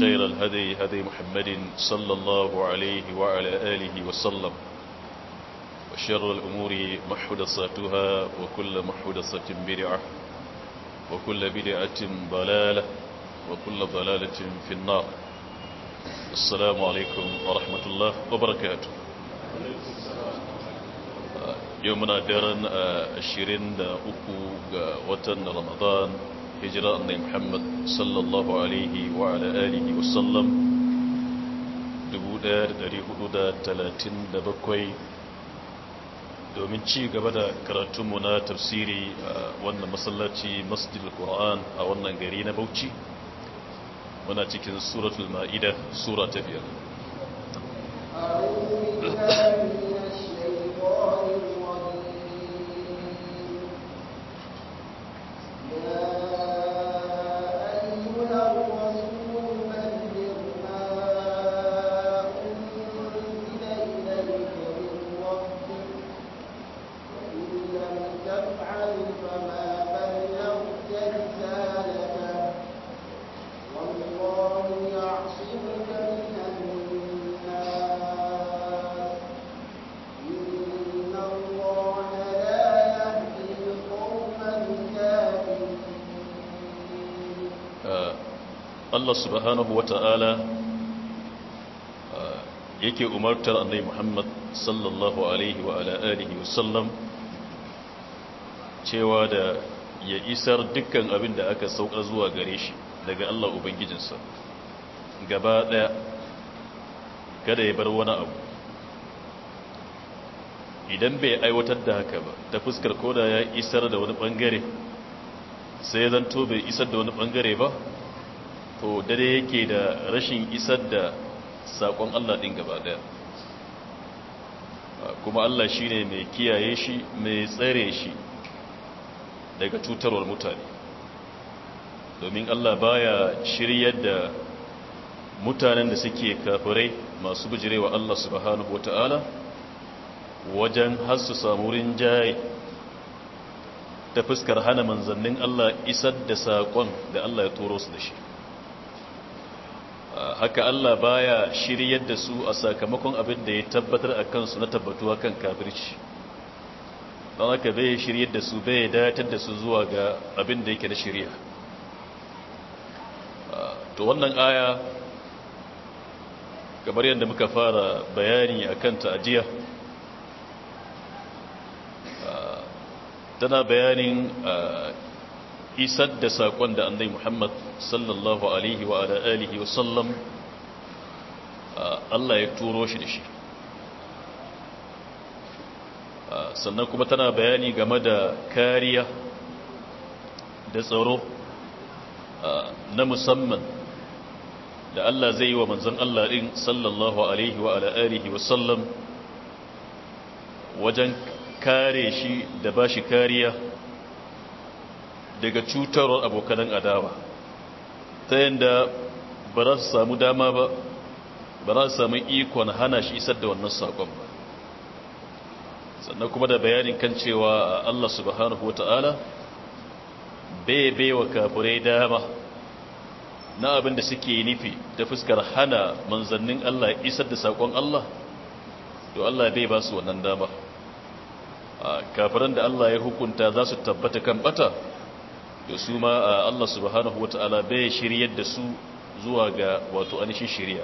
خير الهدي هدي محمد صلى الله عليه وعلى آله وسلم وشر الأمور محدثاتها وكل محدثة بدعة وكل بدعة ضلالة وكل ضلالة في النار السلام عليكم ورحمة الله وبركاته يومنا دارا 23 أكو watan رمضان hijira annai muhammad sallallahu alaihi wa ala alihi wasallam 1437 domin ci gaba da karatunmu na tafsiri a wannan masallaci masjid al a wannan gari na bauchi muna cikin suratul ma'ida sura biyar Yeah. Allah subhanahu wa ta'ala uh, yake umartar annai Muhammad sallallahu alaihi wa alihi wasallam cewa da ya isar dukkan abin da aka sauka zuwa gare shi daga Allah Ubangijinsa gaba ɗaya kada ya bar wani abu idan bai aiwatar da haka ba ta fuskar koda ya isar da wani bangare sai zanto bai isar da wani bangare ba to dare yake da rashin isar da sakon Allah din gaba daya kuma Allah shi ne mai kiyaye shi mai tsare shi daga cutarwar mutane domin Allah baya shiryar da mutanen da suke kafirai masu bijirewa Allah subhanahu wata'ala wajen har su samu rinjaye ta fuskar hana manzannin Allah isar da saƙon da Allah ya turo su da shi haka Allah baya shiryar da su a sakamakon abin da ya tabbatar a kansu na tabbatuwa kan kafirci don haka bai shiryar da su bai datar da su zuwa ga abin da yake na shirya to wannan aya kamar yadda muka fara bayani a kanta ajiya tana bayanin isar da saƙon da annai muhammad sallallahu alaihi wa alihi wa sallam Allah ya turo shi da shi sannan kuma tana bayani game da kariya da tsaro na musamman da Allah zai yi wa manzan Allah ɗin sallallahu alaihi wa alihi wa sallam wajen kare shi da ba shi kariya daga cutarwar abokanan adawa ta yadda ba za su samu dama ba ba za su samu ikon hana shi isar da wannan saƙon ba sannan kuma da bayanin kan cewa Allah subhanahu wa ta'ala bai baiwa kafirai dama na abin da suke nufi da fuskar hana manzannin Allah isar da saƙon Allah to Allah bai ba su wannan dama kafiran da Allah ya hukunta za su tabbata kan bata to su ma Allah subhanahu wata'ala bai shiryar da su zuwa ga wato anishin shirya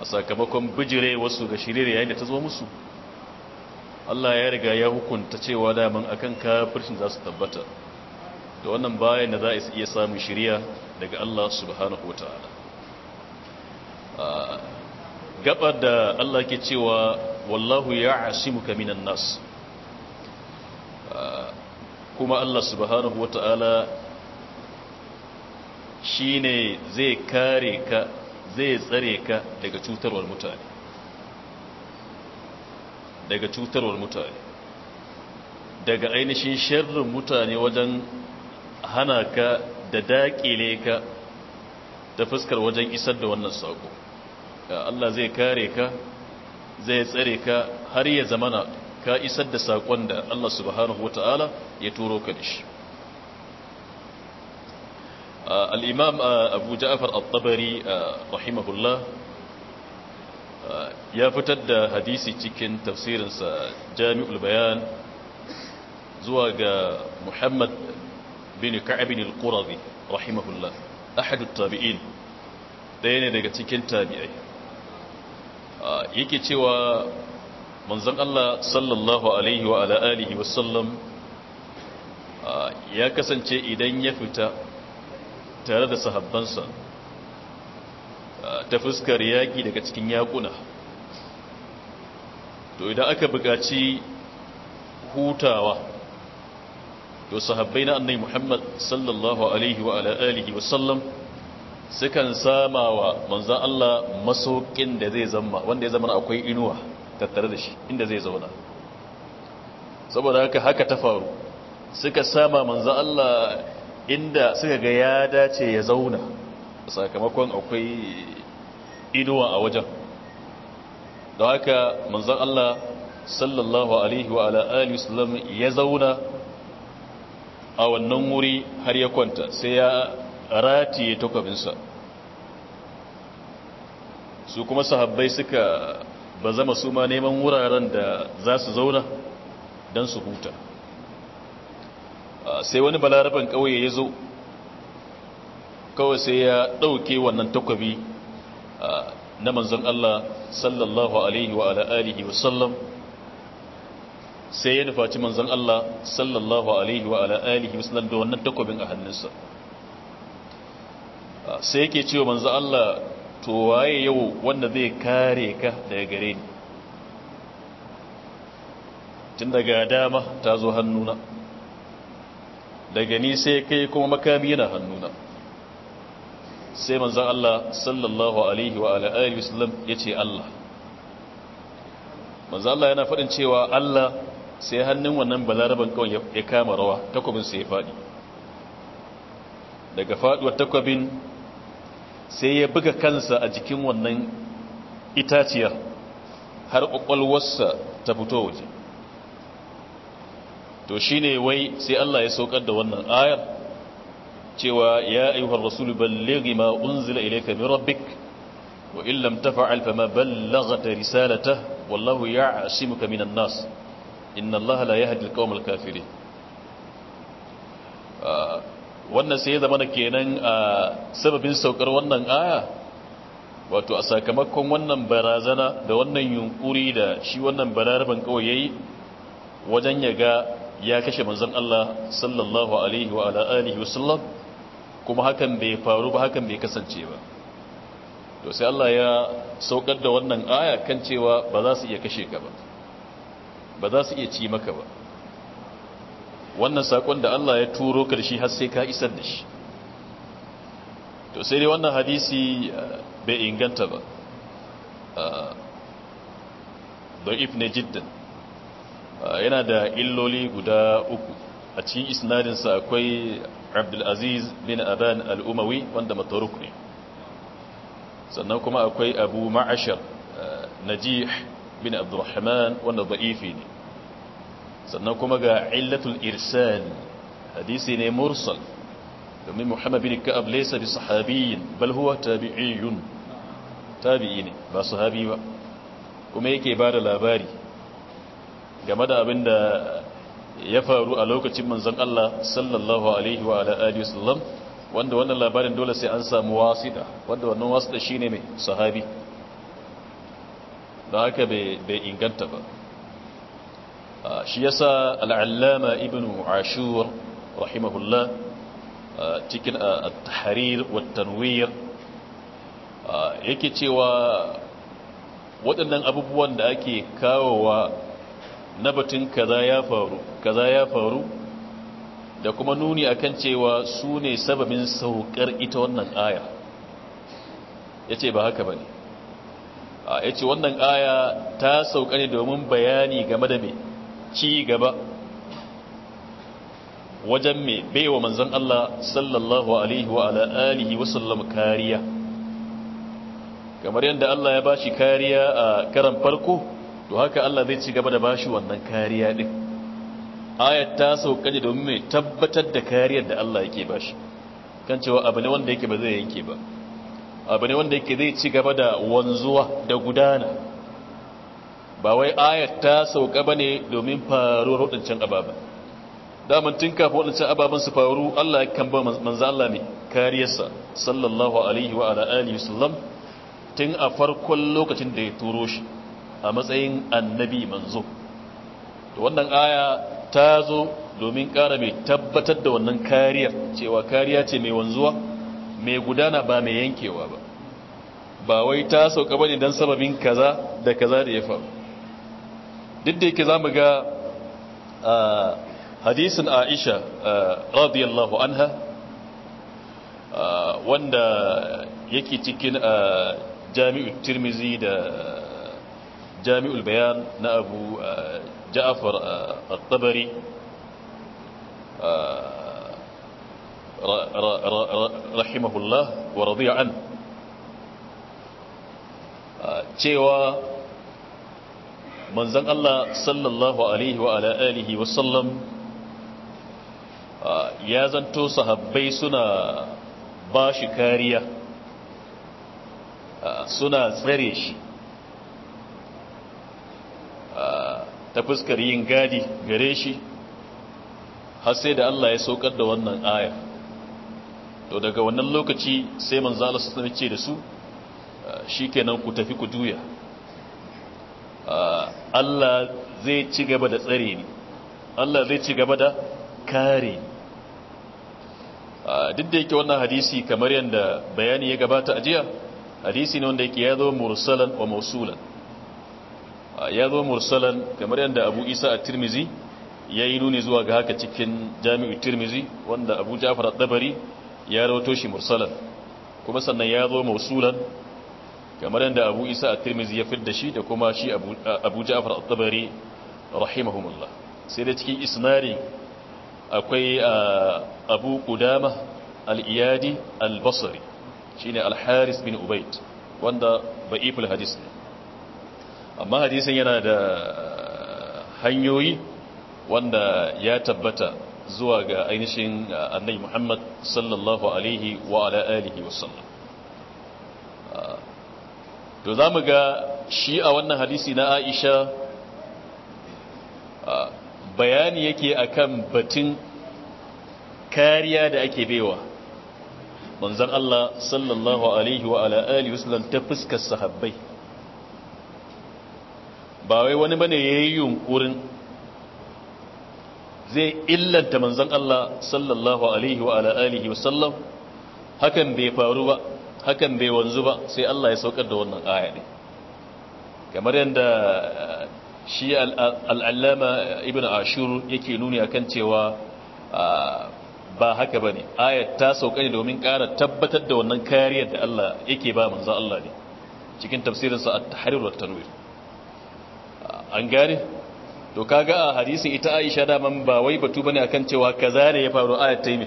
a sakamakon bijire wasu ga shirya yayin da ta zo musu Allah ya riga ya hukunta cewa daman akan kafircin za su tabbata da wannan bayan da za a iya samun shirya daga Allah subhanahu wata'ala gabar da Allah ke cewa wallahu ya asimuka minan nas kuma Allah subhanahu shi shine zai kare ka zai tsare ka daga cutarwar mutane daga cutarwar mutane daga ainihin sharrin mutane wajen hana ka da daƙile ka da fuskar wajen isar da wannan sako Allah zai kare ka zai tsare ka har ya zamana ka isar da saƙon da Allah subhanahu ta'ala ya turo ka da shi al'imam abu ja'afar al-tabari rahimahullah ya fitar da hadisi cikin tafsirinsa jami'ul bayan zuwa ga muhammad bin ka'abin al-qurazi rahimahullah ahadu tabi'in ɗaya ne daga cikin tabi'ai yake cewa manzon Allah sallallahu alaihi wa ala alihi wasallam ya kasance idan ya fita tare da sahabbansa ta fuskar yaƙi daga cikin yaƙuna to idan aka buƙaci hutawa to sahabbai na annai muhammad sallallahu alaihi wa ala alihi wasallam sukan sama wa manzan Allah masaukin da zai zama wanda ya zama akwai inuwa tattare da shi inda zai zauna saboda haka haka ta faru suka sama manzo Allah inda suka ga ya dace ya zauna sakamakon akwai inuwa a wajen da haka manzan Allah sallallahu alaihi wa alihi wasallam ya zauna a wannan wuri har ya kwanta sai ya ratiye takwabinsa su kuma sahabbai suka ba zama su ma neman wuraren da za su zauna don su huta ah, sai wani balaraban ƙauye ya zo kawai sai ya dauke wannan takwabi ah, na manzon Allah sallallahu alaihi wa alihi sallam. sai ya nufaci manzon Allah sallallahu alaihi wa alihi sallam da wannan takwabin a hannunsa ah, sai yake cewa manzon Allah to waye yau wanda zai kare ka daga gare ni tun daga dama ta zo hannuna daga ni sai kai kuma makami yana hannuna sai manzan Allah sallallahu alaihi wa alaihi wasallam ya ce Allah manzan Allah yana faɗin cewa Allah sai hannun wannan balaraban kawai ya kama rawa takwabin sai ya faɗi daga faɗuwar takwabin sai ya buga kansa a jikin wannan itaciyar har ƙwaƙwalwarsa ta fito waje to shine wai sai Allah ya saukar da wannan ayar cewa ya ayyuhar rasulu ballighi ma unzila ilayka min rabbik wa in lam taf'al fama ballaghta risalatahu wallahu ya'simuka minan nas inna Allah la yahdi al-qawmal kafirin ah, wannan sai ya zama da kenan a sababin saukar wannan aya wato a sakamakon wannan barazana da wannan yunkuri da shi wannan bararban kawai ya yi wajen ya ga ya kashe manzon Allah sallallahu alaihi wa ala'alihi wasallam kuma hakan bai faru ba hakan bai kasance ba to sai Allah ya saukar da wannan aya kan cewa ba za su iya kashe ka ba ba za su iya ci maka ba wannan sakon da Allah ya turo karshe har sai ka isar da shi to sai dai wannan hadisi uh, bai inganta ba uh, da'if ne jiddan uh, yana da illoli guda uku a cikin isnadinsa akwai abdulaziz bin aban al'umawi wanda mataruk ne sannan kuma akwai abu ma'ashar najih bin abdurrahman wanda da'ifi ne sannan kuma ga illatul irsal hadisi ne mursal domin muhammad bin ka'ab laysa bi sahabiyin bal huwa tabi'iyun tabi'i ne ba sahabi ba kuma yake ba da labari game da abin da ya faru a lokacin manzon Allah sallallahu alaihi wa ala alihi wasallam wanda wannan labarin dole sai an samu wasida wanda wannan wasida shine mai sahabi da haka bai inganta ba shi yasa al'allama ibn ashur rahimahullah cikin at-tahrir wa yake cewa waɗannan abubuwan da ake kawowa na batun kaza ya faru da kuma nuni akan cewa su ne sababin saukar ita wannan aya ya ce ba haka ba ne ya ce wannan aya ta sauka ne domin bayani game da mai ci gaba wajen mai baiwa manzan Allah sallallahu alaihi wa ala alihi wa sallam kariya kamar yadda Allah ya bashi kariya a karan farko to haka Allah zai ci gaba da bashi wannan kariya din ayat ta sauƙa ne domin mai tabbatar da kariyar da Allah yake bashi kan cewa abu ne wanda yake ba zai yanke ba abu ne wanda yake zai ci gaba da wanzuwa da gudana ba wai ayat ta sauka bane domin faruwar waɗancan ababen daman tun waɗancan ababen su faru Allah kan ba manzo Allah ne kariyarsa sallallahu alaihi wa ala alihi wasallam tun a farkon lokacin da ya turo shi a matsayin annabi manzo to wannan aya ta zo domin ƙara mai tabbatar da wannan kariyar cewa kariya ce mai wanzuwa mai gudana ba mai yankewa ba ba wai ta sauka bane dan sababin kaza da kaza da ya faru duk da yake zamu ga hadisin Aisha radiyallahu anha wanda yake cikin Jami'ul Tirmizi da Jami'ul Bayan na Abu Ja'far At-Tabari rahimahullah wa radiya an cewa manzan Allah sallallahu alaihi wa wasallam ah, ya zanto sahabbai suna ba shi kariya ah, suna tsare shi ah, ta fuskar yin gadi gare shi har sai da Allah ya saukar da wannan ayar. to daga wannan lokaci sai manzan Allah sallallahu ce da su shikenan ku tafi ku juya Ah, Allah zai ci gaba da tsare ni Allah zai ci gaba da kare ni ah, duk da yake wannan hadisi kamar yadda bayani ya gabata a jiya hadisi ne wanda yake ya zo mursalan wa mausulan ah, ya zo mursalan kamar yadda abu isa a tirmizi ya yi nuni zuwa ga haka cikin jami'u tirmizi wanda abu jafar dabari ya rawato shi mursalan kuma sannan ya zo mausulan kamar yadda abu isa a tirmizi ya fidda shi da kuma shi abu ja'afar al-tabari rahimahumullah sai da cikin isnari akwai ah, abu kudama al-iyadi al shi shine al-haris bin ubaid wanda ba'iful hadis ne amma hadisin yana da hanyoyi wanda ya tabbata zuwa ga ainihin ah, annabi Muhammad sallallahu alaihi wa ala alihi wasallam to za mu ga shi a wannan hadisi na aisha bayani yake akan batun kariya da ake baiwa manzan Allah sallallahu alaihi wa ala'ali wasallam ta fuskar sahabbai ba wai wani bane ya yi yunkurin zai illanta manzan Allah sallallahu alaihi wa ala'ali wasallam hakan bai faru ba hakan bai wanzu ba sai Allah ya saukar da wannan aya ne kamar yadda eh, shi al'allama ibn ashur yake nuni akan cewa eh, ba haka ba ne ayat ta sauka ne domin ƙara tabbatar da wannan kariyar da Allah yake ba manzan Allah ne cikin tafsirinsa a tahrir wa tanwir eh, an gane to kaga a hadisin ita Aisha da ba wai batu bane akan cewa kaza ne ya faru ayat ta yi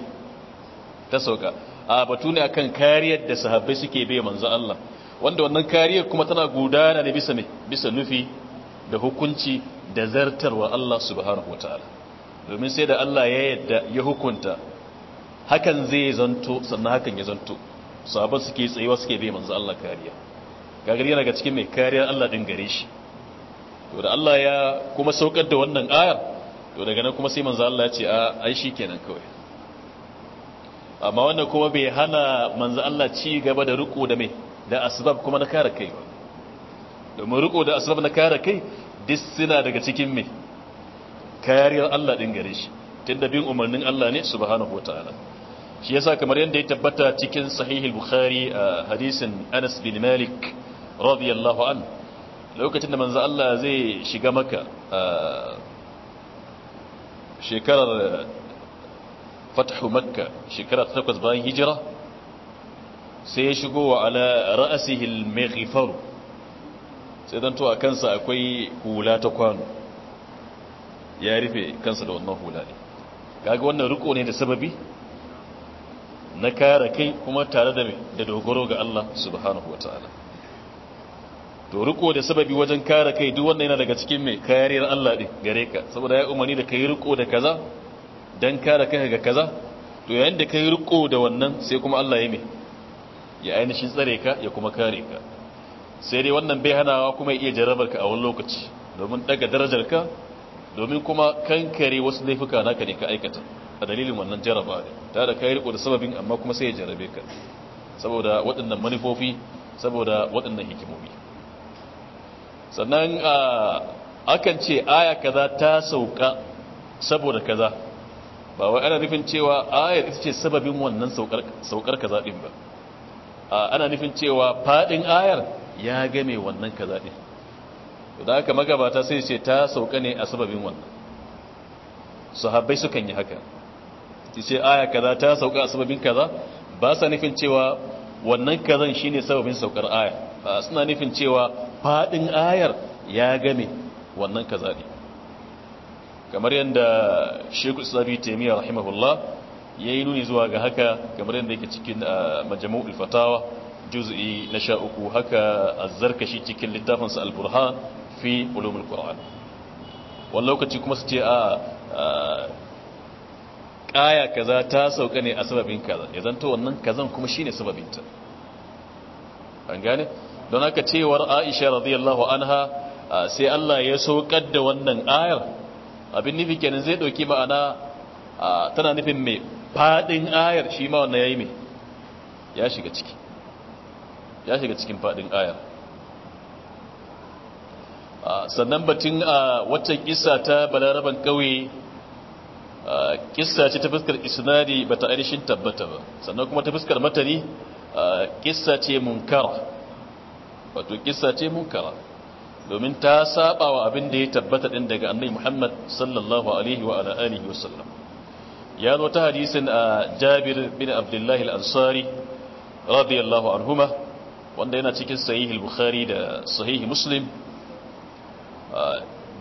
ta sauka a batu ne akan kariyar da sahabbai suke bai manzo Allah wanda wannan kariyar kuma tana gudana ne bisa ne bisa nufi da hukunci da zartarwa Allah subhanahu wataala domin sai da Allah ya yadda ya hukunta hakan zai zanto sannan hakan ya zanto sahabban suke tsayuwa suke bai manzo Allah kariya gagari yana ga cikin mai kariyar Allah din gare shi to da Allah ya kuma saukar da wannan ayar to daga nan kuma sai manzo Allah ya ce a ai kenan kawai amma wannan kuma bai hana manzo Allah ci gaba da riko da mai da asbab kuma na kare kai domin riko da asbab na kare kai duk suna daga cikin mai kariyar Allah din gare shi tunda bin umarnin Allah ne subhanahu wataala shi yasa kamar yadda ya tabbata cikin sahih al-bukhari hadisin Anas bin Malik radiyallahu an lokacin da manzo Allah zai shiga maka shekarar fatahu makka shekara ta takwas bayan hijira sai ya shigo wa ala ra'asihi al-maghfar sai dan to a kansa akwai hula ta kwano ya rufe kansa da wannan hula ne kaga wannan riko ne da sababi na kare kai kuma tare da da dogaro ga Allah subhanahu wataala to riko da sababi wajen kare kai duk wannan yana daga cikin mai kariyar Allah din gare ka saboda ya umarni da kai riko da kaza don kare kai ga kaza to yayin da kai riko da wannan sai kuma Allah ya yi ya ainihin tsare ka ya kuma kare ka sai dai wannan bai hanawa kuma ya iya jarabar ka a wani lokaci domin daga darajar ka domin kuma kankare wasu laifuka naka ne ka aikata a dalilin wannan jaraba ne ta da kai riko da sababin amma kuma sai ya jarabe ka saboda waɗannan manufofi saboda waɗannan hikimomi sannan a ah, akan ce aya kaza ta sauka saboda kaza ba wai ana nufin cewa ayar ita ce sababin wannan saukar ka zaɗin ba ana nufin cewa faɗin ayar ya game wannan ka zaɗin da aka magabata sai ce ta sauka ne a sababin wannan Su su kan yi haka ce ayar kaza ta sauka a sababin kaza ba sa nufin cewa wannan kazan ne sababin saukar aya suna nufin cewa faɗin ayar ya game wannan ka zaɗin kamar yadda Sheikh Islami taimiyar rahimahullah yi nuni zuwa ga haka kamar yadda yake cikin uh, Majmu'ul Fatawa juz'i na sha uku haka azzarkashi cikin littafinsa alburha fi ulumul kur'an. wani lokaci kuma su ce a ƙaya uh, kaza ta sauka ne a sababin kaza ya zanta wannan kazan kuma shine sababinta an gane don haka cewar aisha radiyallahu anha uh, sai Allah ya saukar da wannan ayar abin nufi kenan zai ɗauki ma'ana tana nufin mai faɗin ayar shi ma wannan ya yi mai ya shiga ciki ya shiga cikin faɗin ayar sannan batun a waccan kisa ta balaraban ƙauye kisa ce ta fuskar isnadi ba ta ainihin tabbata ba sannan kuma ta fuskar matari kisa ce munkara wato kisa ce munkara domin ta saba wa abin da ya tabbata din daga annabi Muhammad sallallahu alaihi wa alihi sallam. ya zo ta hadisin a Jabir bin Abdullah al-Ansari radiyallahu anhuma wanda yana cikin sahih al-Bukhari da sahih Muslim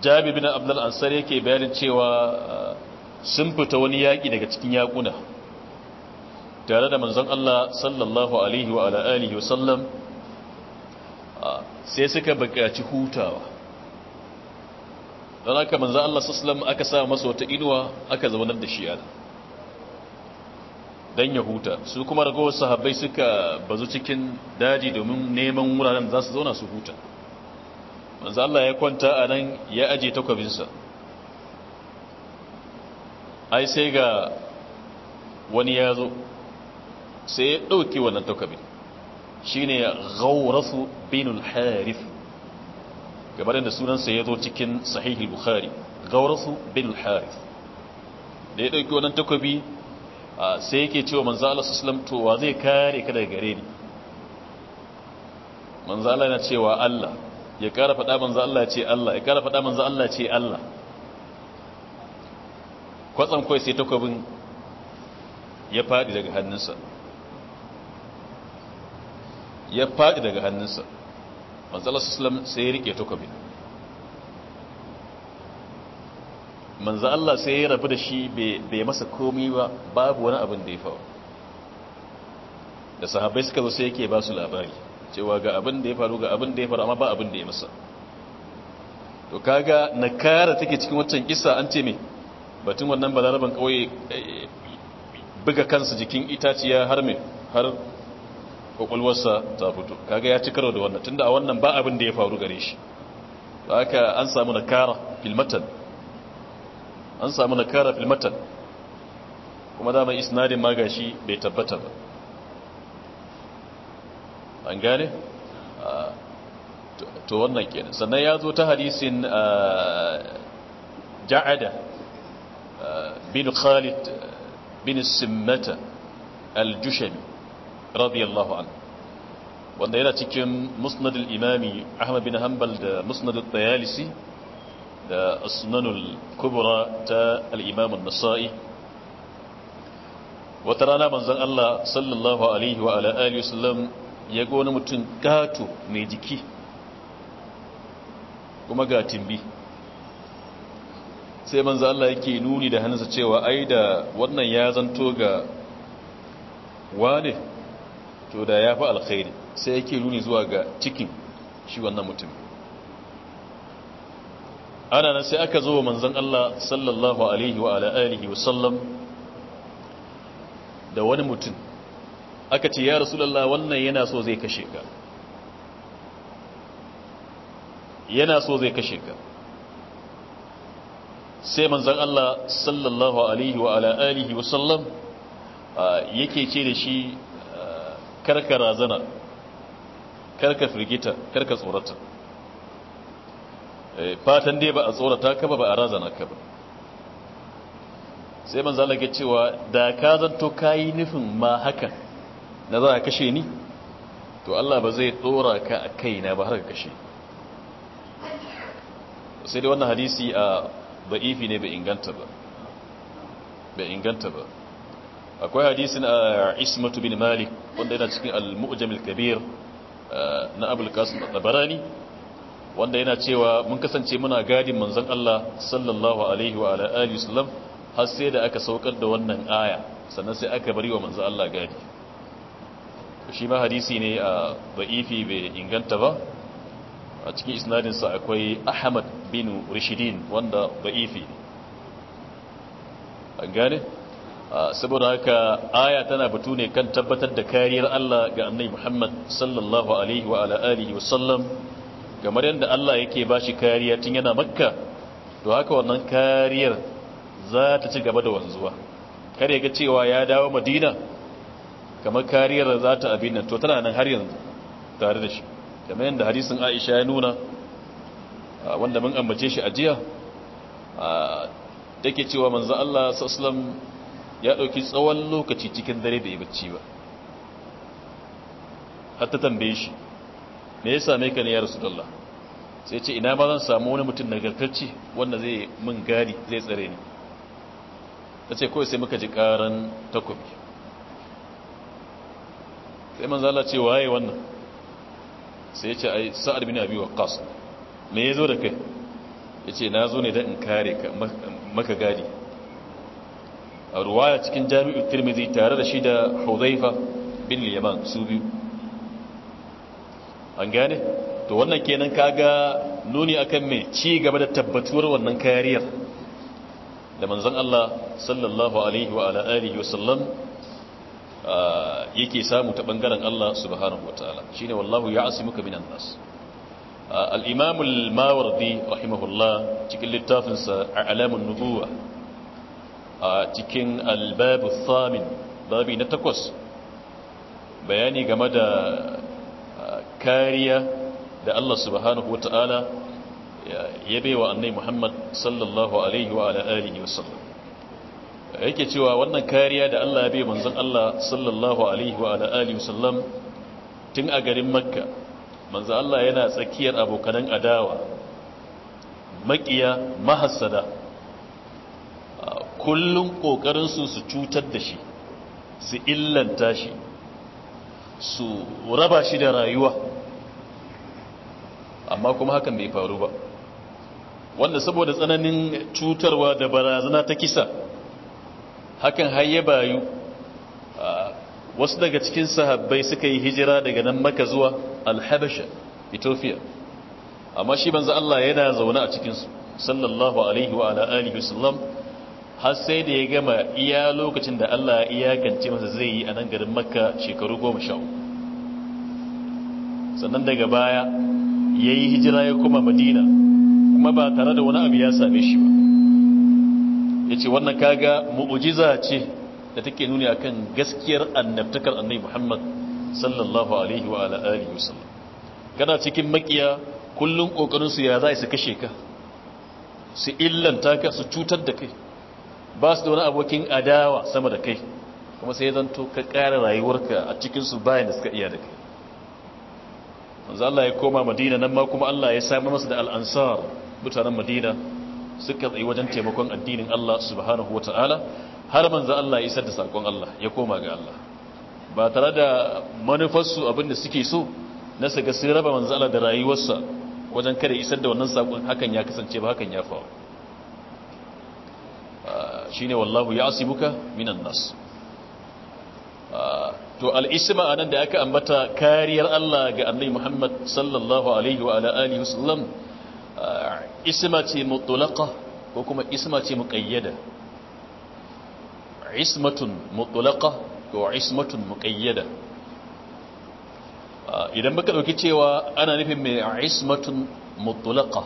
Jabir bin Abdullah al-Ansari yake bayanin cewa sun fita wani yaki daga cikin yakuna tare da manzon Allah sallallahu alaihi wa alihi sallam. sai suka bukaci hutawa don haka manzo Allah sallallahu aka sa masa wata inuwa aka zaunar da shi yana dan ya huta su kuma ragowar sahabbai suka bazu cikin daji domin neman wuraren za su zauna su huta manzo Allah ya kwanta a nan ya aje takwabinsa ai sai ga wani ya zo sai ya ɗauki wannan takwabin shine ghawrasu bin al-harith kamar da sunan sa yazo cikin sahih al-bukhari ghawrasu bin al-harith da ya dauki wannan takobi sai yake cewa manzo Allah sallallahu to wa zai kare ka daga gare ni manzo Allah yana cewa Allah ya kara fada manzo Allah ya ce Allah ya kara fada manzo Allah ya ce Allah kwatsam kai sai takobin ya fadi daga hannunsa ya faɗi daga hannunsa manzalar sallam sai ya rike takobi manza Allah sai ya rabu da shi bai masa komai ba babu wani abin da ya faru da sahabai suka zo sai yake ba su labari cewa ga abin da ya faru ga abin da ya faru amma ba abin da ya masa to kaga na kara take cikin wancan kisa an ce me batun wannan balaraban kawai eh, buga kansa jikin itaciya har me har kwakwalwarsa ta fito kaga ya ci karo da wannan tunda a wannan ba abin da ya faru gare shi ba haka an samu kara filmatan an samu kara filmatan kuma dama isnadin magashi bai tabbata ba an gane to wannan kenan sannan ya zo ta hadisin ja'ada bin khalid bin simmata al-jushami radiyallahu an wanda yana cikin musnadul imami ahmad bin hanbal da musnad tayalisi da asnanul kubra ta al-imam an-nasa'i wata rana manzon Allah sallallahu alaihi wa ala alihi wasallam ya ga wani mutum gato mai jiki kuma ga timbi sai manzon Allah yake nuni da hannunsa cewa ai da wannan ya zanto ga wane to da ya fi alkhairi sai yake nuni zuwa ga cikin shi wannan mutum ana nan sai aka zo wa manzan Allah sallallahu alaihi wa alihi wa sallam da wani mutum aka ce ya rasulullah wannan yana so zai kashe ka yana so zai kashe ka sai manzan Allah sallallahu alaihi wa alihi wa sallam yake ce da shi karka razana karka firgita karka tsorata eh, fatan dai ba a tsorata ka ba ba a razana ka ba sai man Allah cewa da ka zanto kayi nufin ma haka na za ka kashe ni to Allah ba zai tsora ka a kaina ba har ka kashe sai dai wannan hadisi a ah, ifi ne bai inganta ba bai inganta ba akwai hadisin a ah, ismatu bin malik wanda yana cikin al-mu'jamil kabir ah, na abul qasim tabarani wanda yana cewa mun kasance muna gadin manzon Allah sallallahu alaihi wa ala alihi wasallam har sai da aka saukar da wannan aya sannan sai aka bari wa manzon Allah gadi shi ma hadisi ne a ah, ba'ifi bai inganta ba a cikin sa akwai ahmad bin rishidin wanda da'ifi ne gane Ah, saboda haka aya tana batu ne kan tabbatar da kariyar Allah ga annabi Muhammad sallallahu alaihi wa ala alihi wasallam kamar yadda Allah yake bashi kariya tun yana Makka to haka wannan kariyar za ta ci gaba da wanzuwa ya ga cewa ya dawo Madina kamar kariyar za ta abin nan to tana nan har yanzu tare da shi kamar yadda hadisin Aisha ya nuna ah, wanda mun ambace shi a jiya ah, take cewa manzo Allah sallallahu alaihi wasallam ya ɗauki tsawon lokaci cikin dare bai bacci ba har tambaye shi me ya same ka ne ya rasu dalla sai ce ina ba zan samu wani mutum nagartacce wanda zai min gadi zai tsare ni ta ce kawai sai muka ji karan takobi sai man zala ce waye wannan sai ya ce a yi sa'ad bin abi kasu me ya zo da kai ya ce na zo ne don in kare maka gadi ruwaya cikin jami'u tirmidhi tare da shi da hudhaifa bin yaman su biyu an gane to wannan kenan kaga nuni akan me ci gaba da tabbatuwar wannan kariyar da manzon Allah sallallahu alaihi wa alihi wa sallam yake samu ta bangaren Allah subhanahu wataala shine wallahu ya'simuka minan nas al-imam al-mawardi rahimahullah cikin littafinsa a'lamun nubuwah a cikin albabu thamin babi na takwas bayani game da kariya da Allah subhanahu wa ta'ala ya baiwa annai Muhammad sallallahu alaihi wa alihi wa sallam yake cewa wannan kariya da Allah ya bai manzon Allah sallallahu alaihi wa alihi wa sallam tun a garin Makka manzon Allah yana tsakiyar abokanan adawa makiya mahassada kullum ƙoƙarinsu su cutar da shi su illanta shi su raba shi da rayuwa amma kuma hakan bai faru ba wanda saboda tsananin cutarwa da barazana ta kisa hakan har ya bayu wasu daga cikin sahabbai suka yi hijira daga nan maka zuwa alhabasha ethiopia amma shi banza Allah yana zaune a cikinsu sallallahu alaihi wa ala alihi wasallam har sai da ya gama iya lokacin da Allah ya kance masa zai yi a nan garin makka shekaru goma sha sannan daga baya ya yi hijira ya kuma madina kuma ba tare da wani abu ya same shi ba ya ce wannan kaga mu'ujiza ce da take nuni a kan gaskiyar annabtakar annai muhammad sallallahu alaihi wa ala'ari wasallam kana cikin makiya kullum ƙoƙarinsu ya za su kashe ka su illanta ka su cutar da kai ba su da wani abokin adawa sama da kai kuma sai zan to ka ƙara rayuwarka a cikinsu bayan da suka iya da kai manzo Allah ya koma Madina nan ma kuma Allah ya samar masa da al-ansar mutanen Madina suka tsayi wajen taimakon addinin Allah subhanahu wataala har manzo Allah ya isar da sakon Allah ya koma ga Allah ba tare da manufarsu abinda suke so na saga sun raba manzo Allah da rayuwarsa wajen kada isar da wannan sakon hakan ya kasance ba hakan ya faru shine wallahu ya'sibuka minan nas ah, to al'isma anan da aka ambata kariyar Allah ga annabi Muhammad sallallahu alaihi wa alihi wasallam ah, isma ce mutlaqa ko kuma isma ce muqayyada ismatun mutlaqa ko ismatun muqayyada ah, idan baka dauki cewa ana nufin mai ismatun mutlaqa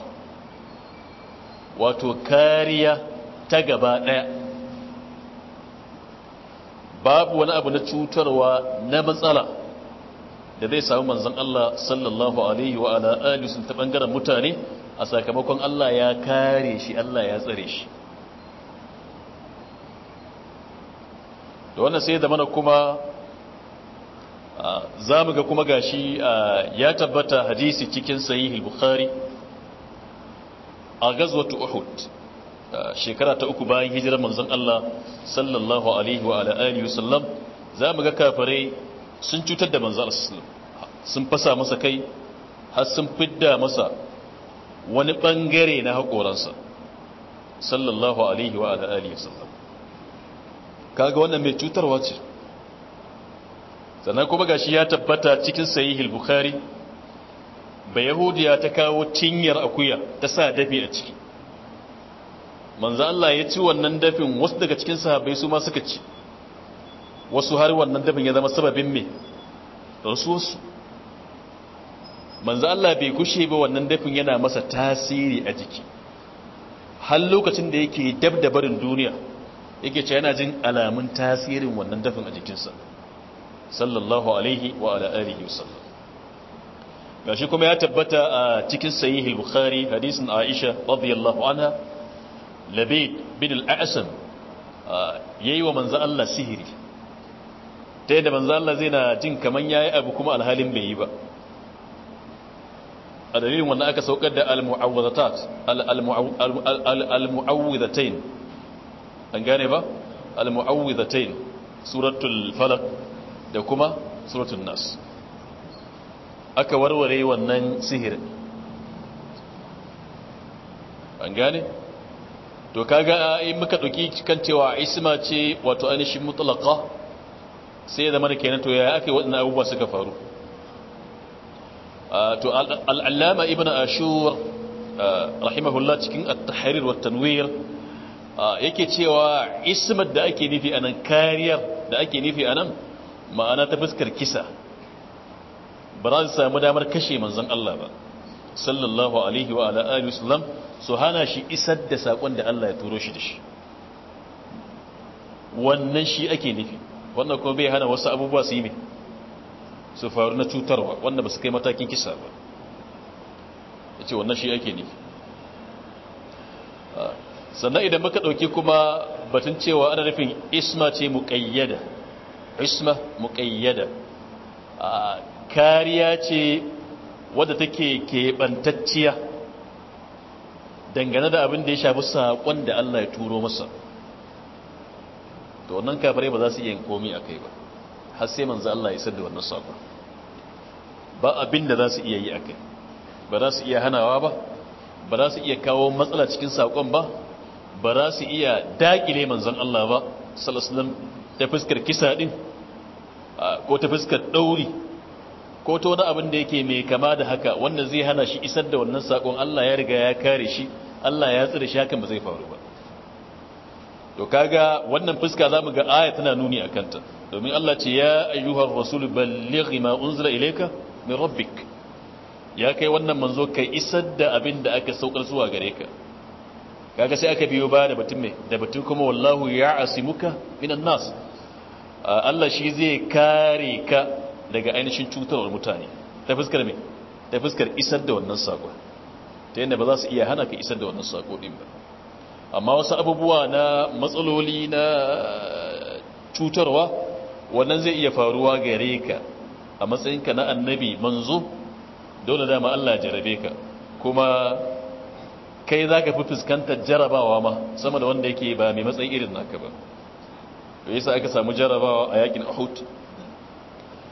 wato kariya ta gaba ɗaya babu wani abu na cutarwa na matsala da zai samu manzan Allah sallallahu alaihi wa ala sun ta ɓangaren mutane a sakamakon Allah ya kare shi Allah ya tsare shi da wannan sai da mana kuma ah, za mu ga kuma gashi ah, ya tabbata hadisi cikin sahihul bukhari a gazwatu uhud shekara ta uku bayan hijirar manzon Allah sallallahu alaihi wa alihi wasallam za mu ga kafirai sun cutar da manzon Allah sun fasa masa kai har sun fidda masa wani bangare na hakoransa sallallahu alaihi wa alihi wasallam kaga wannan mai cutarwa ce sannan kuma gashi ya tabbata cikin sahihul bukhari ba yahudiya ta kawo cinyar akuya ta sa dafi a ciki manzo Allah ya ci wannan dafin wasu daga cikin sahabbai su ma suka ci wasu har wannan dafin ya zama sababin me wasu. manzo Allah bai kushe ba wannan dafin yana masa tasiri a jiki har lokacin da yake dab da barin duniya yake ce yana jin alamun tasirin wannan dafin a jikinsa sallallahu alaihi wa ala alihi wasallam gashi kuma ya tabbata a cikin sahih al-bukhari hadisin aisha radiyallahu anha labid bin al'asan ah, ya yi wa manzan Allah sihiri ta yadda manzan Allah zai na jin kamar ya yi abu kuma alhalin bai yi ba a dalilin wanda aka saukar da al-mu'awwidatain an gane ba al-mu'awwidatain suratul falak da kuma suratul nas aka warware wannan sihirin an gane to kaga in muka dauki kan cewa isma ce wato ainihin mutlaqa sai zama da kenan to yaya ake wadannan abubuwa suka faru to al-allama ibnu ashur rahimahullah cikin at-tahrir wat tanwir yake cewa ismat da ake nufi anan kariyar da ake nufi anan ma'ana ta fuskar kisa ba za su samu damar kashe manzon Allah ba sallallahu alaihi wa ala alihi wasallam su hana shi isar da sakon da Allah ya turo shi da shi wannan shi ake nufi wannan kuma bai hana wasu abubuwa su yi mai su faru na cutarwa wanda ba su kai matakin kisa ba ya ce wannan shi ake nufi sannan idan muka ɗauki kuma batun cewa ana nufin isma ce muƙayyada isma muƙayyada kariya ce wadda take keɓantacciya dangane da abin da ya shafi saƙon da Allah ya turo masa to wannan kafirai ba za su iya yin komi a kai ba har sai manzo Allah ya sadda wannan saƙon ba abin da za su iya yi a kai ba za su iya hanawa ba ba za su iya kawo matsala cikin saƙon ba ba za su iya daƙile manzon Allah ba sallallahu alaihi wasallam ta fuskar kisa din ko ta fuskar ɗauri ko ta wani abin da yake mai kama da haka wanda zai hana shi isar da wannan sakon Allah ya riga ya kare shi Allah ya tsira shi hakan ba zai faru ba to kaga wannan fuska zamu ga aya tana nuni akan ta domin Allah ce ya ayyuhar rasul balligh ma unzila ilayka min rabbik ya kai wannan manzo kai isar da abin da aka saukar zuwa gare ka kaga sai aka biyo ba da batun mai da batun kuma wallahu ya'asimuka minan nas Allah shi zai kare ka daga ainihin cutarwar mutane ta fuskar mai ta fuskar isar da wannan sako ta yadda ba za su iya hana ka isar da wannan sako din ba amma wasu abubuwa na matsaloli na cutarwa wannan zai iya faruwa gare ka a matsayinka na annabi manzo dole dama Allah jarabe ka kuma kai za ka fi fuskantar jarabawa ma sama da wanda yake ba mai matsayin irin naka ba yasa aka samu jarabawa a yakin ahud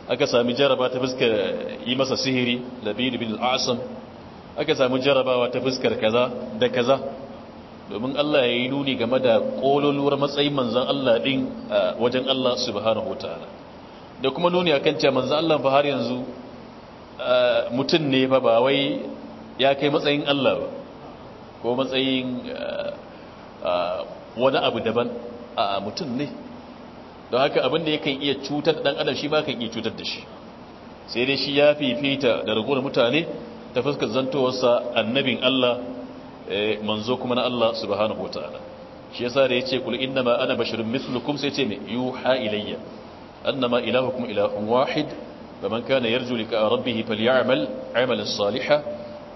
aka sami jaraba ta fuskar yi masa sihiri labir bin al'asam aka sami jarabawa ta fuskar kaza da kaza domin Allah ya yi nuni game da ƙololuwar matsayin manzan Allah ɗin wajen Allah subhanahu hota. da kuma nuni a kan cewa manzan Allah fa har yanzu mutum ne ba wai ya kai matsayin Allah ba ko matsayin wani abu daban a mutum ne don haka abin da kan iya cutar dan adam shi ma kan iya cutar da shi sai dai shi ya fifita da ragowar mutane ta fuskar zantowarsa annabin Allah eh, manzo kuma na Allah subhanahu wataala shi yasa da yace kul inna ma ana basharun mislukum sai ce me yuha ilayya annama ilahukum ilahun wahid faman kana yarju liqa rabbih falyamal amalan salihan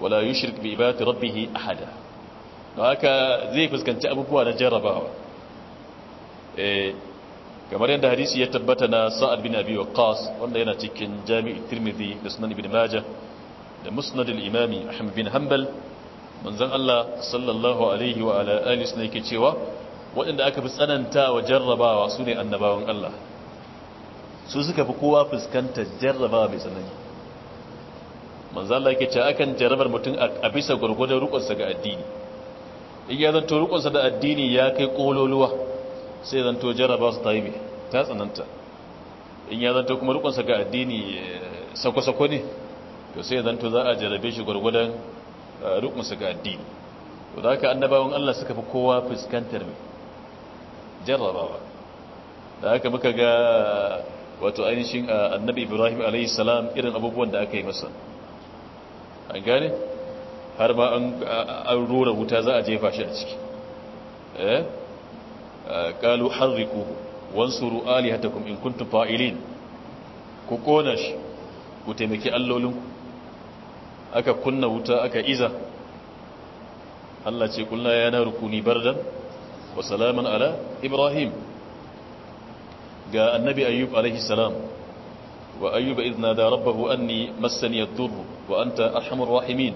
wala yushrik bi ibadati rabbih ahada don haka zai fuskanci abubuwa na jarrabawa eh, kamar yadda hadisi ya tabbata na sa'ad bin abi waqqas wanda yana cikin jami'i tirmidhi da sunan ibn majah da musnad imami ahmad bin hanbal manzon Allah sallallahu alaihi wa ala na yake cewa waɗanda aka fi tsananta wa jarrabawa su ne annabawan Allah su suka fi kowa fuskantar jarrabawa mai tsanani manzala ke ce akan jarrabar mutum a bisa gwargwadon rukunsa ga addini in ya zanto rukunsa da addini ya kai ƙololuwa sai zanto jarraba su ta yi ta tsananta in ya zanto kuma rukunsa ga addini eh, sako-sako ne to sai zanto za a jarrabe shi gwargwadon eh, rukunsa ga addini to da haka annabawan Allah suka fi kowa fuskantar mai jarabawa. da haka muka ga wato ainihin eh, annabi ibrahim alaihi irin abubuwan da aka yi masa an gane har ma an rura wuta za a jefa shi a ciki qalu harrikuhu wansuru alihatakum in kuntum fa'ilin ku kona shi ku taimaki allolinku aka kunna wuta aka iza Allah ce kullu ya na rukuni bardan wa salaman ala ibrahim ga annabi ayyub alaihi salam wa ayyub idh nada rabbahu anni massani ad-durr wa anta arhamur rahimin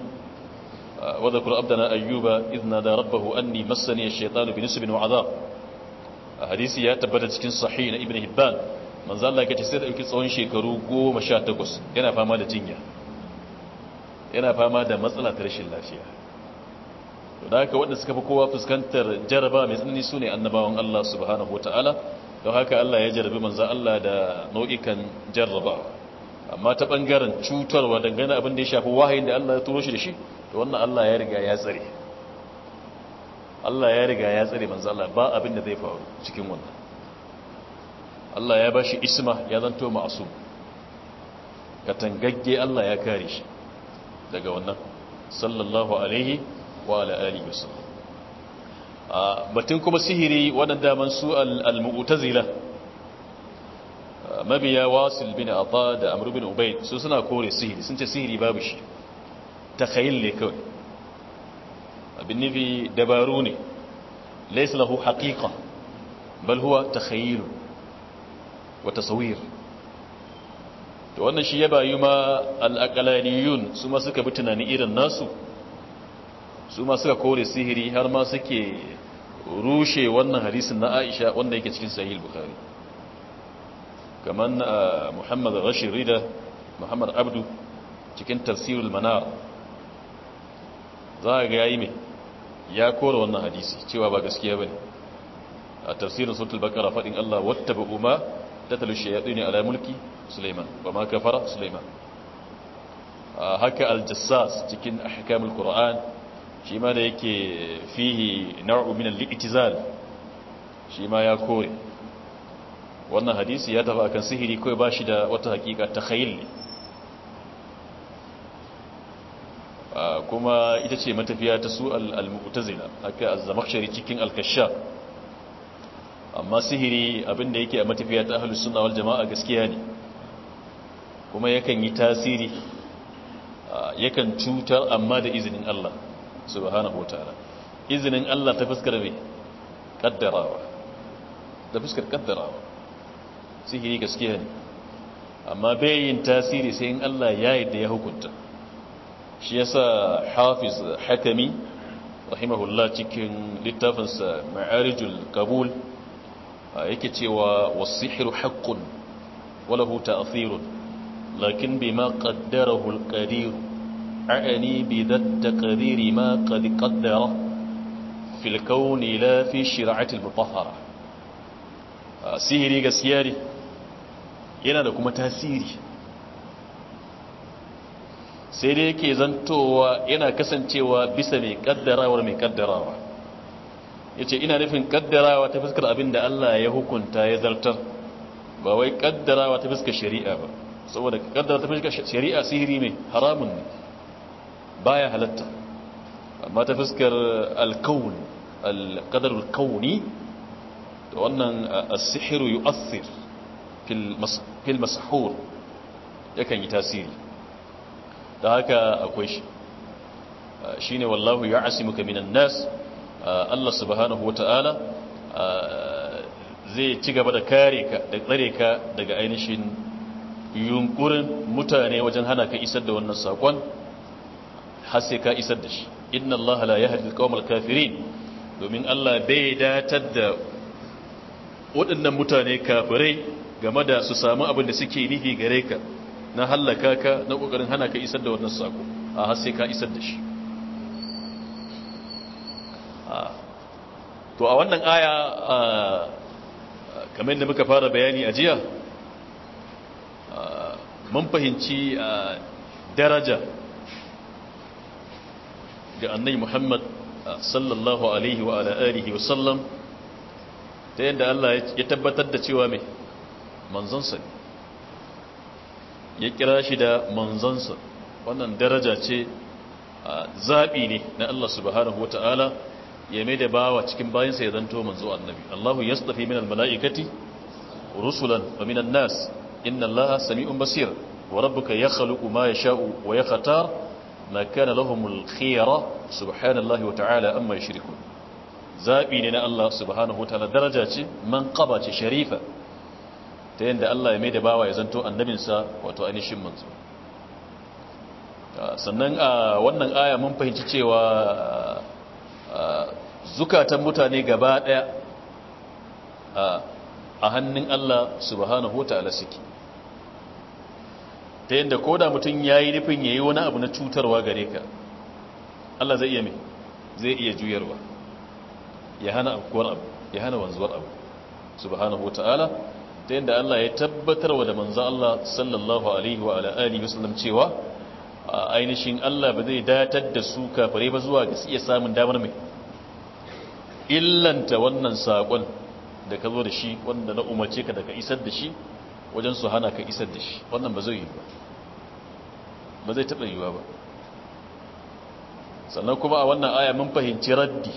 وذكر أبدنا أيوب إذ نادى ربه أني مسني الشيطان بنسب وعذاب hadisi ya tabbata cikin sahih na ibn hibban manzo Allah ya ce sai da dauki tsawon shekaru 18 yana fama da jinya yana fama da matsala ta rashin lafiya to da haka wanda suka fi kowa fuskantar jaraba mai tsanani sune annabawan Allah subhanahu wataala don haka Allah ya jarabi manzo Allah da nau'ikan jaraba amma ta bangaren cutarwa dangane abin da ya shafi wahayin da Allah ya turo shi da shi to wannan Allah ya riga ya tsare Allah ya riga ya tsare manzo Allah ba abin da zai faru cikin wannan Allah ya bashi isma ya zanto ma'sum katangagge Allah ya kare shi daga wannan sallallahu alaihi wa ala alihi wasallam batun kuma sihiri wadanda man su al-mu'tazila mabiya wasil bin ata da amr bin ubayd su suna kore sihiri sun ce sihiri babu shi takhayyul ne kawai abin nufi dabaru ne laisa lahu haqiqa bal huwa takhayyul wa wannan shi ya bayu ma al su ma suka bi tunani irin nasu su ma suka kore sihiri har ma suke rushe wannan hadisin na Aisha wanda yake cikin sahih bukhari kaman ah, Muhammad Rashid Rida Muhammad Abdu cikin tafsirul manar za ga yayi mai ya kora wannan hadisi cewa ba gaskiya ne a tafsirin suratul bakara fadin Allah wattabu ma tatalu shayatin ala mulki sulaiman wa ma kafara sulaiman haka al cikin ahkamul qur'an shi ma da yake fihi nar'u min al shi ma ya kore wannan hadisi ya tafi akan sihiri kai shi da wata hakika ta khayl kuma ita ce matafiya ta su al-mu'tazila haka az-zamakhshari cikin al-kashaf amma sihiri abinda yake a matafiya ta ahlus sunna wal jama'a gaskiya ne kuma yakan yi tasiri yakan cutar amma da izinin Allah subhanahu wataala izinin Allah ta fuskar me kaddarawa da fuskar kaddarawa sihiri gaskiya ne amma bai yin tasiri sai in Allah ya yi da ya hukunta shi yasa hafiz hakami rahimahullah cikin littafinsa ma'arijul kabul yake cewa wasihiru haqqun walahu ta'thirun lakin bima qaddarahu al-qadir a'ani bi dhatta qadiri ma qad qaddara fil kawni la fi shir'ati al-mutahhara sihiri gaskiya ne yana da kuma tasiri sai dai yake zantowa yana kasancewa bisa mai kaddarawar mai kaddarawa ya ce ina nufin kaddarawa ta fuskar abin da Allah ya hukunta ya zartar ba wai kaddarawa ta fuskar shari'a ba saboda kaddara ta fuskar shari'a sihiri mai haramun ne baya halatta amma ta fuskar alkawun alkadar da wannan asihiru yu'assir fil mashur yakan yi tasiri da haka akwai shi uh, shi ne wallahu ya muka minan nas uh, Allah subhanahu wa ta'ala uh, zai ci gaba da kare ka da tsare ka daga ainihin yunkurin mutane wajen hana ka isar da wannan sakon har ka isar da shi inna Allah la yahdi al kafirin domin Allah bai datar da waɗannan mutane kafirai game da su samu abin da suke nihi gare ka na hallaka ka na kokarin hana ka isar da wannan sako a har sai ka isar da shi to a wannan aya kamar da muka fara bayani a jiya mun fahimci daraja ga annai muhammad sallallahu alaihi wa alihi wa sallam ta yadda Allah ya tabbatar da cewa mai manzansa ne ya kira shi da manzansa wannan daraja ce zaɓi ne na Allah subhanahu wa ta'ala ya mai da bawa cikin bayansa ya zanto manzo annabi Allahu ya mana minal mala'ikati rusulan wa minan nas inna Allah sami'un basir wa rabbuka ya khaluqu ma ya sha'u wa ya khatar ma kana lahumul khiyara subhanallahi wa ta'ala amma yushrikun zaɓi ne na Allah subhanahu wa ta'ala daraja ce man qaba ce sharifa ta yadda Allah ya mai da bawa ya zanto annabinsa wato ainihin manzo sannan a wannan aya mun fahimci cewa zukatan mutane gaba daya a hannun Allah subhanahu wa ta'ala suke ta yadda koda mutum ya yi nufin ya yi wani abu na cutarwa gare ka Allah zai iya mai zai iya juyarwa ya hana abu ya hana wanzuwar abu subhanahu wa ta yadda Allah ya tabbatar wa da manzan Allah sallallahu alaihi wa alihi wasallam cewa a ainihin Allah ba zai datar da su kafare ba zuwa ga iya samun damar mai illanta wannan sakon da ka zo da shi wanda na umarce ka daga isar da shi wajen su hana ka isar da shi wannan ba zai yi ba ba zai taɓa yiwa ba sannan kuma a wannan aya mun fahimci raddi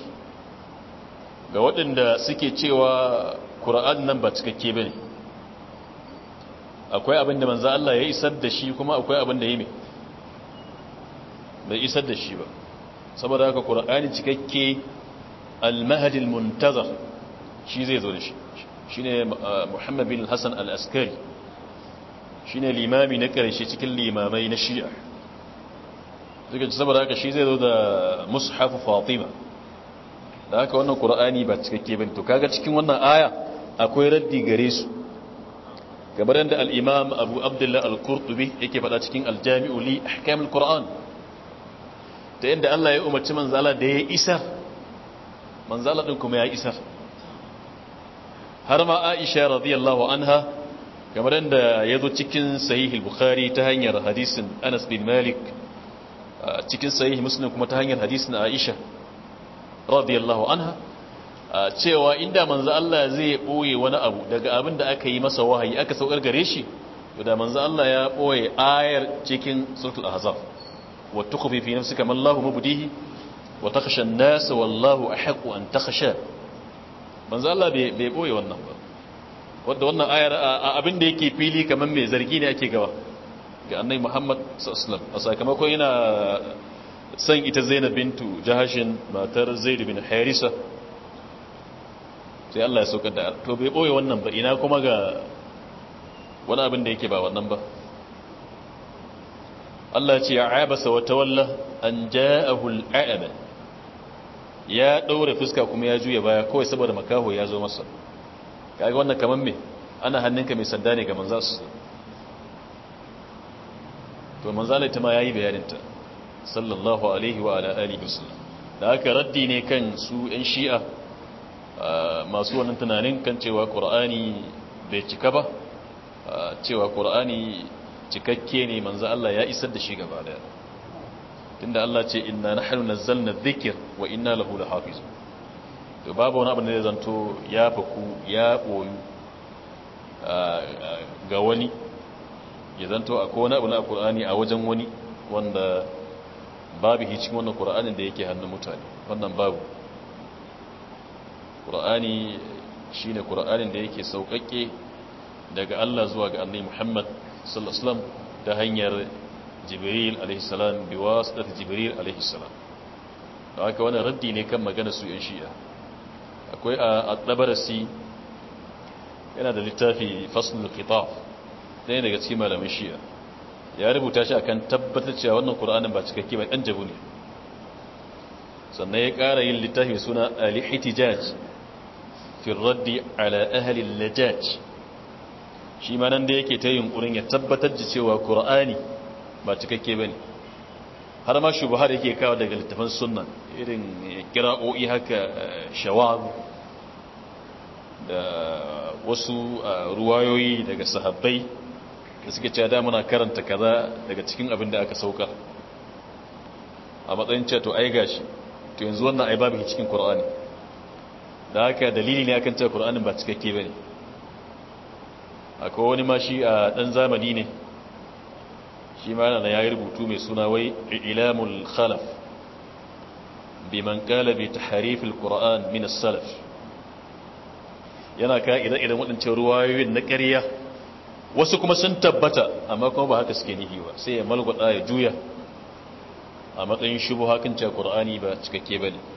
ga waɗanda suke cewa ƙura'an nan ba cikakke ba ne akwai abin da manzo Allah ya isar da shi kuma akwai abin da ya mai bai isar da shi ba saboda haka qur'ani cikakke al-mahdi al shi zai zo da shi shine uh, Muhammad bin Hassan al-Askari shine limami na karshe cikin limamai na Shi'a suka ci saboda haka shi zai zo da mushaf Fatima da haka wannan qur'ani ba cikakke bane to kaga cikin wannan aya akwai raddi gare su kamar yadda alimam imam abu abdullah al-qurtubi yake faɗa cikin al-jami'u li ahkamul ta yadda Allah ya umarci manzala da ya isar manzala din kuma ya isar har ma Aisha radiyallahu anha kamar yadda ya zo cikin sahihul bukhari ta hanyar hadisin Anas bin Malik cikin sahih muslim kuma ta hanyar hadisin Aisha radiyallahu anha cewa inda manzo Allah zai boye wani abu daga abin da aka yi masa wahayi aka saukar gare shi da manzo Allah ya boye ayar cikin suratul ahzab wa tukhfi fi nafsika ma Allahu mubdihi wa takhsha an-nas wallahu ahqqu an takhsha manzo Allah bai boye wannan ba wanda wannan ayar abin da yake fili kaman mai zargi ne ake gaba ga annabi Muhammad sallallahu alaihi wasallam a sakamakon yana san ita Zainab bintu Jahashin matar Zaid bin Harisa sai Allah ya saukar da to bai boye wannan ba ina kuma ga wani abin da yake ba wannan ba Allah ce ya abasa wa tawalla an ja'ahu al'aba ya daure fuska kuma ya juya baya kawai saboda makaho ya zo masa kage wannan kaman me ana hannunka mai sanda ne ga manzo su to manzo Allah ma yayi bayanin ta sallallahu alaihi wa ala alihi wasallam da aka raddi ne kan su yan shi'a masu wannan tunanin kan cewa ƙur'ani bai cika ba cewa ƙur'ani cikakke ne manzo Allah ya isar da shi gaba daya tunda Allah ce inna nahnu nazzalna zikir wa inna lahu lahafiz to babu wani abu da zanto ya faku ya koyu ga wani ya zanto akwai wani abu na Qur'ani a wajen wani wanda babu hicin wannan Qur'anin da yake hannun mutane wannan babu ƙura'ani shi ne ƙura'anin da yake sauƙaƙe daga Allah zuwa ga annai Muhammad sallallahu ta hanyar Jibril alaihissalam biwa su ɗata Jibril alaihissalam da haka wani raddi ne kan magana su ‘yan shi'a akwai a ɗabarasi yana da littafi faslul khitaf ɗaya daga cikin malamin shi'a ya rubuta shi akan tabbatar cewa wannan ƙura'anin ba cikakke ba ɗan jabu ne sannan ya ƙara yin littafi suna alihitijaj fi raddi ala ahli lajaj shi ma nan da yake ta yunkurin ya tabbatar da cewa qur'ani ba cikakke ne har ma shubuhar yake kawo daga littafan sunna irin kira'o'i haka shawab da wasu ruwayoyi daga sahabbai da suke cewa da muna karanta kaza daga cikin abin da aka sauka a matsayin cewa to ai gashi to yanzu wannan ai babu cikin qur'ani da haka dalili ne akan cewa qur'anin ba cikakke bane akwai wani ma shi a dan zamani ne shi ma yana yayi rubutu mai suna wai ilamul khalaf biman qala bi tahrif alquran min as-salaf yana kai idan idan wadancan ruwayoyin na ƙarya wasu kuma sun tabbata amma kuma ba haka suke nihi ba sai ya malgwada ya juya a matsayin shubu hakan cewa qur'ani ba cikakke bane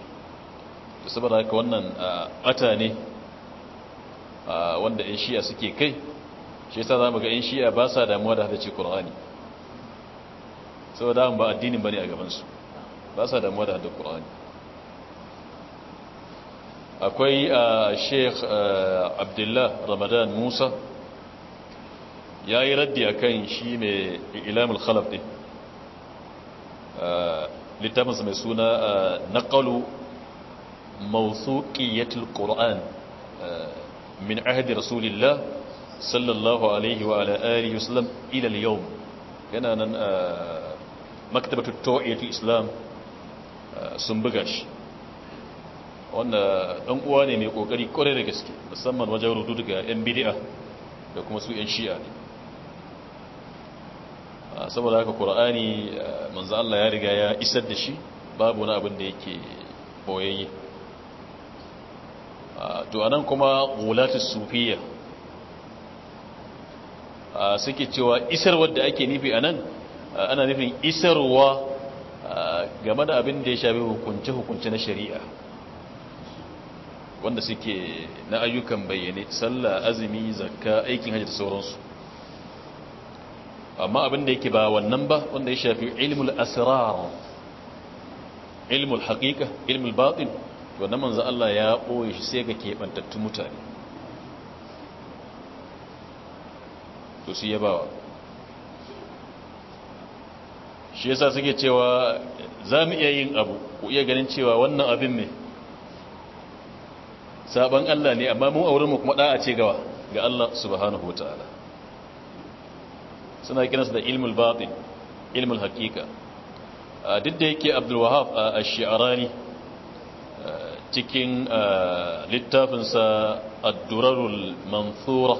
saboda haka wannan ƙata ne wanda 'yan shiya suke kai shi yasa zama ga 'yan shiya ba sa damuwa da hadace qur'ani saboda ba addinin ba ne a gabansu ba sa damuwa da hadace qur'ani akwai sheikh abdullah ramadan musa ya yi raddi a kan shi mai ilamul khalaf ne littafinsa mai suna ƙalu mawsuqiyatul qur'an uh, min ahdi rasulillah sallallahu alaihi wa ala alihi wasallam yana nan uh, maktabatu tawiyatul islam uh, sun buga shi wanda dan uwa ne mai kokari kwarai da gaske musamman wajen rubutu daga yan bid'a da kuma su yan shi'a ne saboda haka qur'ani manzo Allah ya riga ya isar da shi babu wani abin da yake boyayye to anan kuma gulatus sufiya suke cewa isarwa da ake nufi anan ana nufin isarwa game da abin da ya shafi hukunce-hukunce na shari'a wanda suke na ayyukan bayyane sallah azumi zakka aikin hajji da sauransu amma abin da yake ba wannan ba wanda ya shafi ilmul asrar ilmul haƙiƙa ilmul baɗin. to na manzo Allah ya ɓoye shi sai ga keɓantattun mutane to shi ya bawa shi yasa suke cewa za mu iya yin abu ku iya ganin cewa wannan abin ne sabon Allah ne amma mun auren mu kuma a ce gawa ga Allah subhanahu wataala suna kiransa da ilmul batin ilmul haqiqa duk da yake Abdul Wahhab a Shi'arani cikin eh, littafinsa addurarul manthura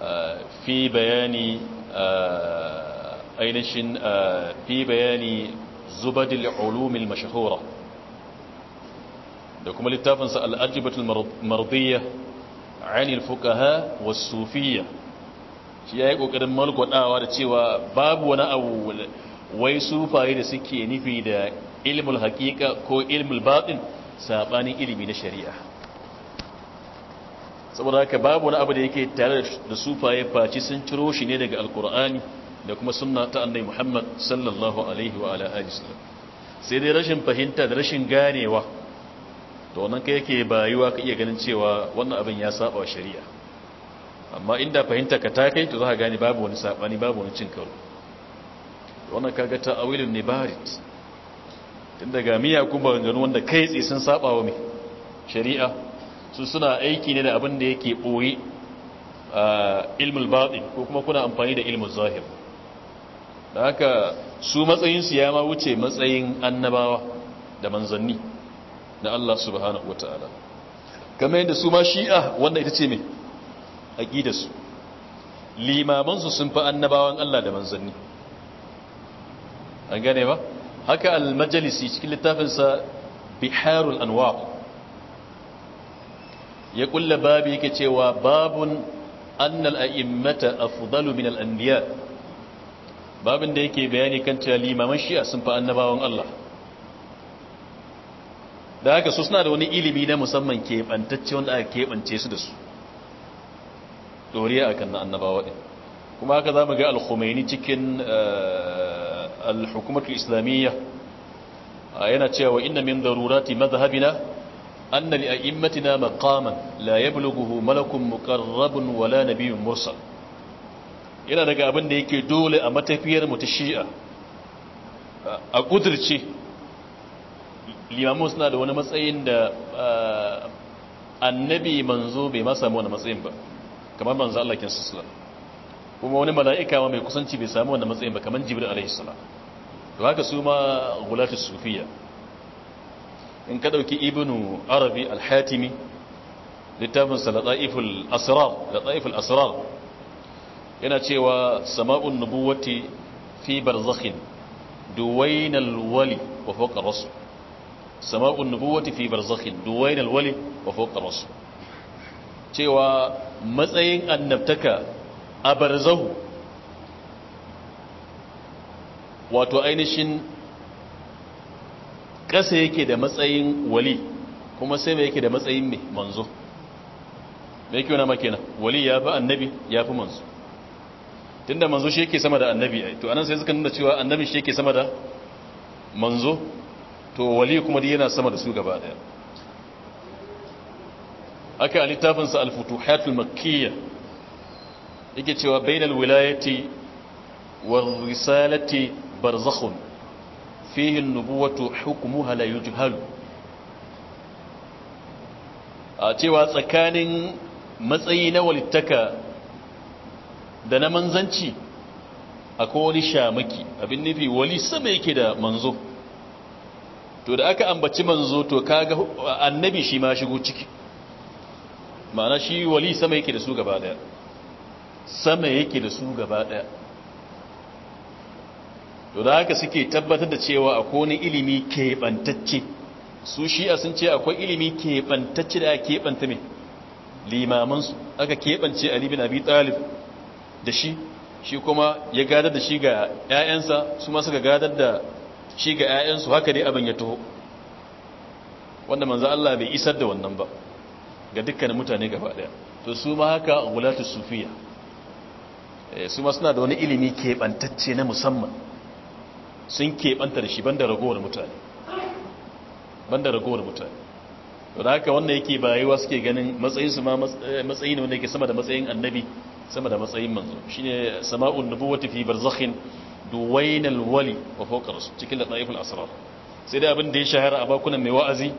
eh, fi bayani eh, ainihin fi bayani zubadil ulumil mashahura da kuma littafinsa al'ajibatul mardiyya anil fuqaha was sufiyya shi yayi kokarin malkwadawa da cewa babu wani abu wai sufaye da suke nufi da ilmul haqiqa ko ilmul batin sabanin ilimi na shari'a saboda haka babu wani abu da yake tare da sufaye faci sun ciro shi ne daga alkur'ani da kuma sunna ta annabi Muhammad sallallahu alaihi wa ala alihi sai dai rashin fahimta da rashin ganewa to nan kai yake bayuwa ka iya ganin cewa wannan abin ya saba shari'a amma inda fahimta ka ta kai to za ka gane babu wani sabani babu wani cin karo wannan kaga ta awilun nibarit tun daga miyakun baranganu wanda kai tsaye sun saba wa mai shari'a su suna aiki ne da abin da yake ɓoye ilmul baɗi ko kuma kuna amfani da ilmul zahir da haka su matsayinsu ya ma wuce matsayin annabawa da manzanni na Allah subhanahu wa ta'ala kamar yadda su ma shi'a wanda ita ce mai aƙidarsu limamansu sun fi annabawan Allah da manzanni an gane ba? haka al-majalisi cikin littafinsa biharul anwar ya kulla babu yake cewa babun annal a'immata afdalu min al-anbiya babin da yake bayani kan cewa limaman shi'a sun fa annabawan Allah da haka su suna da wani ilimi na musamman ke bantacce wanda aka bance su da su doriya akan annabawa din kuma haka zamu ga al-Khumaini cikin eh, al hukumatu islamiyya yana cewa inna min darurati madhhabina anna li a'immatina maqaman la yablughuhu malakun muqarrabun wala nabiyyun mursal yana daga abin da yake dole a matafiyar mu ta shi'a a kudirce limamu suna da wani matsayin da annabi manzo bai ma samu wani matsayin ba kamar manzo Allah kin sallallahu kuma wani mala'ika ma mai kusanci bai samu wani matsayin ba kamar jibril alaihi salam to haka su ma gulatu sufiya in ka ɗauki ibinu arabi alhatimi hatimi littafin sa asirar asrar lataiful asrar yana cewa sama'un nubuwati fi barzakhin duwainal wali wa fawqa rasul sama'un nubuwati fi barzakhin duwainal wali wa fawqa rasul cewa matsayin annabtaka a barzahu wato ainihin ƙasa yake da matsayin wali kuma sai mai yake da matsayin mai manzo mai kyau na makina wali ya fi annabi ya fi manzo tunda manzo shi yake sama da annabi ai to anan sai suka nuna cewa annabi shi yake sama da manzo to wali kuma yana sama da su gaba daya aka littafinsa sa al-futuhatul makkiyya yake cewa bainal wilayati wa risalati barzakhun fihi nubuwatu hukmuha la yujhalu a cewa tsakanin matsayi na walittaka da na manzanci akwai wani shamaki abin nufi wali sama yake da manzo to da aka ambaci manzo to kaga annabi shi ma shigo ciki ma'ana shi wali sama yake da su gaba daya sama yake da su gaba daya to da haka suke tabbatar da cewa akwai wani ilimi keɓantacce su shi'a sun ce akwai ilimi keɓantacce da keɓanta mai limamansu aka keɓance a libin abi talib da shi shi kuma ya gadar da shi ga 'ya'yansa su ma ga gadar da shi ga 'ya'yansu haka dai abin ya taho wanda manzan Allah bai isar da wannan ba ga dukkanin mutane gaba daya to su ma haka gulatun sufiya eh, su ma suna da wani ilimi keɓantacce na musamman sun keɓanta da shi banda ragowar mutane banda ragowar mutane da haka wannan yake bayewa suke ganin matsayin su ma eh, matsayi ne wanda yake sama da matsayin annabi sama da matsayin manzo shine sama'un nubuwati fi barzakhin duwainal wali wa fawqa rasul cikin ladaiful asrar sai dai abin da ya shahara a bakunan mai wa'azi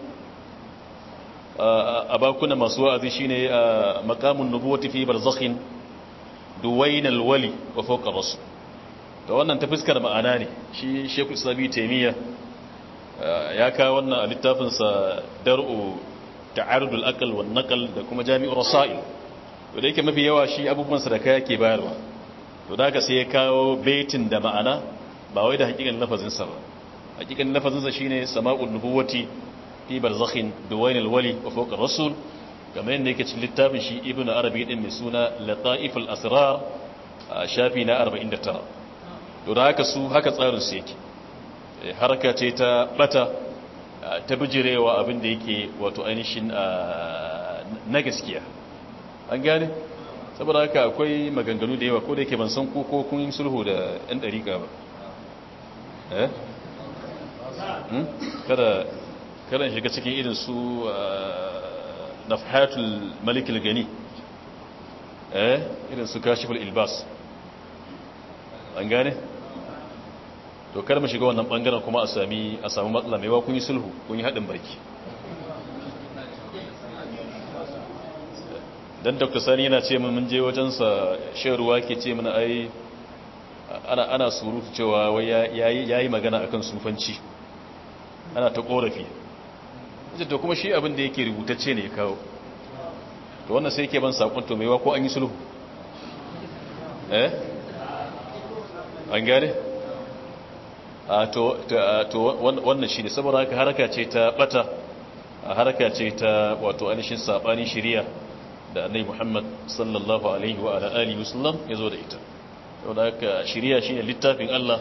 a bakunan masu wa'azi shine maqamun nubuwati fi barzakhin duwainal wali wa fawqa rasul da wannan ta fuskar ma'ana ne shi sheku sabi taimiyya eh, ya kawo wannan a littafinsa ta ardul akal wa nakal da kuma jami'ar sail to da yake mafi yawa shi abubuwan sadaka yake bayarwa to da aka sai ya kawo baitin da ma'ana ba wai da hakikan lafazinsa ba hakikan lafazinsa shine sama'ul nubuwati fi barzakhin duwainil wali wa fawqa rasul kamar yadda yake cikin littafin shi ibnu arabi din mai suna lataiful asrar eh, shafi na 49 to da haka su haka tsarin su yake eh, harka ce ta bata ah, ta bijirewa abin da yake wato ainihin ah, na gaskiya an gane saboda haka akwai maganganu da yawa ko da yake ban san ko kun sulhu da ɗan dariƙa ba eh hmm? kada kada shiga cikin irin su ah, nafhatul malikul gani eh irin su kashiful ilbas an gane to kar mu shiga wannan bangaren kuma a sami a samu matsala mai wa kun yi sulhu kun yi haɗin barki dan dr sani yana ce mun je wajensa sa ruwa ke ce mana ai ana ana surutu cewa wai yayi yayi magana akan sufanci ana ta korafi yace to kuma shi abin da yake rubutacce ne ya kawo to wannan sai yake ban sakon to maiwa ko an yi sulhu eh an gane to wannan shi ne saboda haka haraka ce ta bata haraka ce ta wato ainihin sabanin shirya da annai Muhammad sallallahu alaihi wa musulman ya zo da ita saboda haka shi shine littafin Allah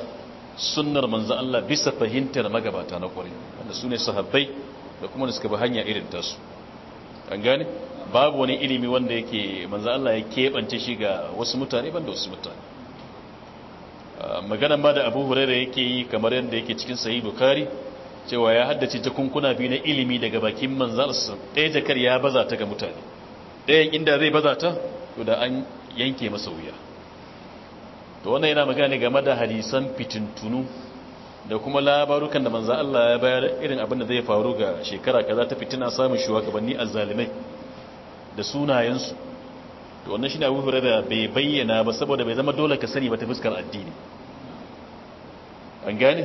sunnar manzan Allah bisa fahimtar magabata na kwari wanda ne sahabbai da kuma da suka bi hanya irin tasu an gane babu wani ilimi wanda yake manzan Allah ya keɓance shi ga wasu mutane da wasu mutane Ah, magana ma da abu hurairu yake yi kamar yadda yake cikin sahih bukari cewa ya haddace jakunkuna biyu na ilimi daga bakin su ɗaya jakar ya baza ta ga mutane ɗaya inda zai baza ta to da an yanke masa wuya to wannan yana magana ne game da hadisan fitintunu da kuma labarukan da manzo Allah ya bayar irin abin da zai faru ga shekara kaza ta fitina samun shugabanni azzalimai da sunayensu to wannan shine Abu Hurairah bai bayyana ba saboda bai zama dole ka sani ba ta fuskar addini an gane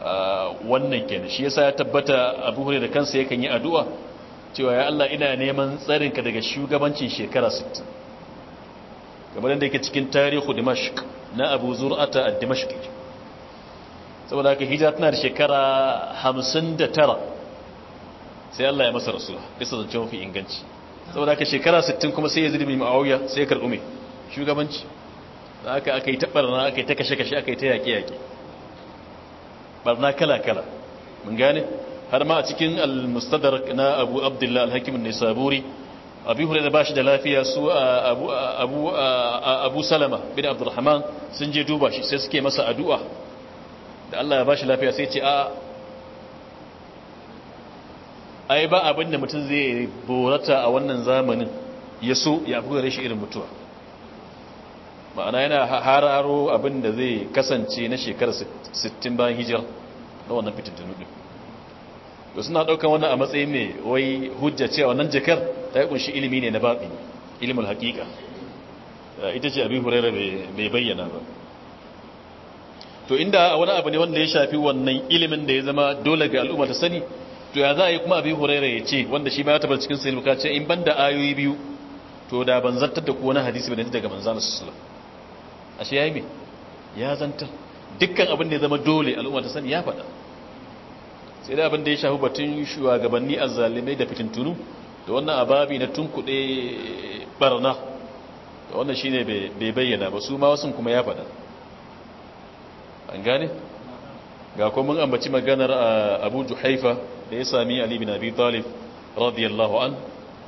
ah, wannan kenan shi yasa ya tabbata Abu Hurairah kansa yakan yi addu'a cewa ya Allah ina neman tsarin ka daga shugabancin shekara 60 kamar da yake cikin tarihu Dimashq na Abu Zur'ata ad-Dimashqi saboda haka hijira tana da shekara 59 sai Allah ya masa rasuwa bisa zancen mafi inganci saboda ka shekara 60 kuma sai ya bin muawiya sai ya karɓi shugabanci da aka aka yi ta barna aka yi ta kashe-kashe aka yi ta yaƙe-yaƙe barna kala-kala mun gane har ma a cikin al-mustadrak na abu abdullah al-hakim nisaburi abi hulaira bashi da lafiya su abu abu abu salama bin abdurrahman sun je duba shi sai suke masa addu'a da Allah ya bashi lafiya sai ce a ai ba abin da mutum zai borata a wannan zamanin ya so ya fi gare shi irin mutuwa ma'ana yana hararo abin da zai kasance na shekarar 60 bayan hijar na wannan fitattunu ɗin da suna ɗaukan wannan a matsayin mai wai hujja cewa wannan jakar ta yi kunshi ilimi ne na baɓi ilimin haƙiƙa eh, ita ce abin hurera bai bayyana ba to inda wani abu ne wanda ya shafi wannan ilimin da ya zama dole ga al'umma ta sani to ya za a yi kuma abin huraira ya ce wanda shi ba ya tabar cikin sahih bukhari in ban da ayoyi biyu to da ban zartar da ku na hadisi ba daga manzon a shi ashe yi mai ya zantar dukkan abin da ya zama dole al'umma ta sani ya faɗa sai da abin da ya shahu batun shugabanni zalimai da fitintunu da wannan ababi na tun kuɗe barna da wannan shine bai bayyana ba su ma wasu kuma ya faɗa an gane ga kuma mun ambaci maganar ah, abu juhaifa da ya sami ali bin abi talib radiyallahu an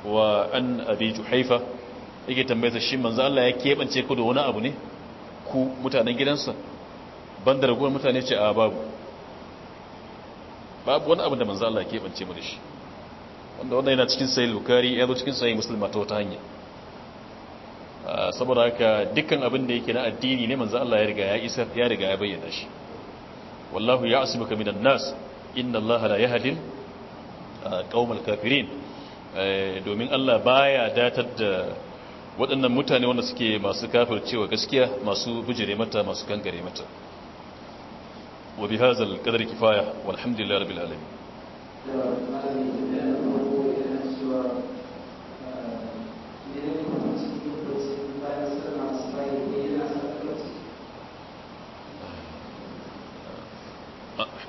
wa an abi juhaifa yake tambaye shi manzo Allah ya kebance ku da wani abu ne ku mutanen gidansa banda ragowar mutane ce a babu babu wani abu da manzo Allah ya kebance mu da shi wanda wannan yana cikin sahih bukhari ya zo cikin sahih muslim ta wata hanya saboda haka dukkan abin da yake na addini ne manzo Allah ya riga ya isa ya riga ya bayyana shi wallahu ya'simuka minan nas inna allaha la yahdil qaumal kafirin domin Allah baya datar da waɗannan mutane wanda suke masu kafircewa gaskiya masu bujire mata masu kangare mata wa bi hadzal qadri kifaya walhamdulillahi rabbil alamin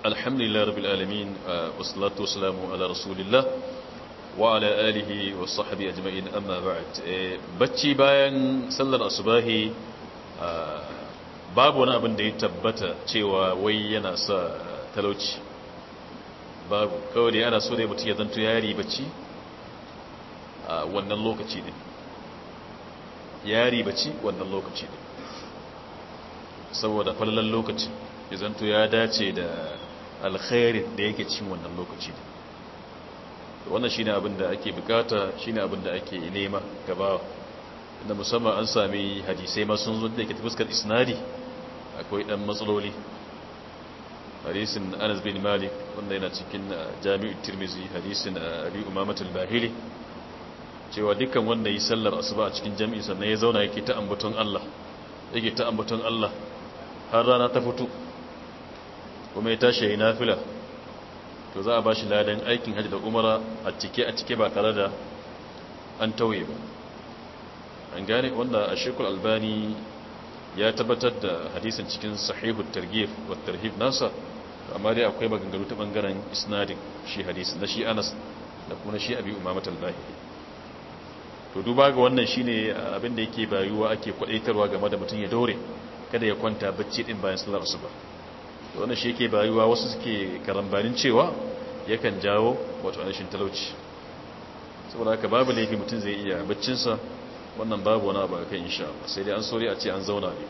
alhamdulillah rabbil alamin uh, wassalatu wassalamu ala rasulillah wa ala alihi wa sahbihi ajma'in amma ba'd eh, bacci bayan sallar asubahi uh, babu wani abin da ya tabbata cewa wai yana sa talauci babu kawai da ana so da mutum ya zanto yari bacci a uh, wannan lokaci ne yari bacci wannan lokaci ne saboda falalan lokaci ya zanto ya dace da alkhairin da yake cin wannan lokaci wannan shine abin da ake bukata shine abin da ake nema gaba da musamman an sami hadisai ma sun zo da ke fuskar isnadi akwai dan matsaloli hadisin Anas bin Malik wanda yana cikin uh, Jami'u Tirmizi hadisin uh, Abi Umamah al-Bahili cewa dukkan wanda yi sallar asuba a cikin jami'i sannan ya zauna yake ta ambaton Allah yake ta ambaton Allah har rana ta fito kuma ya tashi na nafila to za a bashi ladan aikin hajji da umara a cike a cike ba tare da an tauye ba an gane wanda a shekul albani ya tabbatar da hadisin cikin sahihu targhib wa tarhib nasa amma dai akwai maganganu ta bangaren isnadin shi hadisin na shi Anas da kuma shi Abi Umama al to duba ga wannan shine abin da yake bayuwa ake kwadaitarwa game da mutum ya dore kada ya kwanta bacci din bayan sallar asuba da wannan shi yake bayuwa wasu suke karambanin cewa yakan jawo wato anishin talauci saboda haka babu laifi mutum zai iya baccinsa wannan babu wani abu akan insha sai dai an sori a ce an zauna ne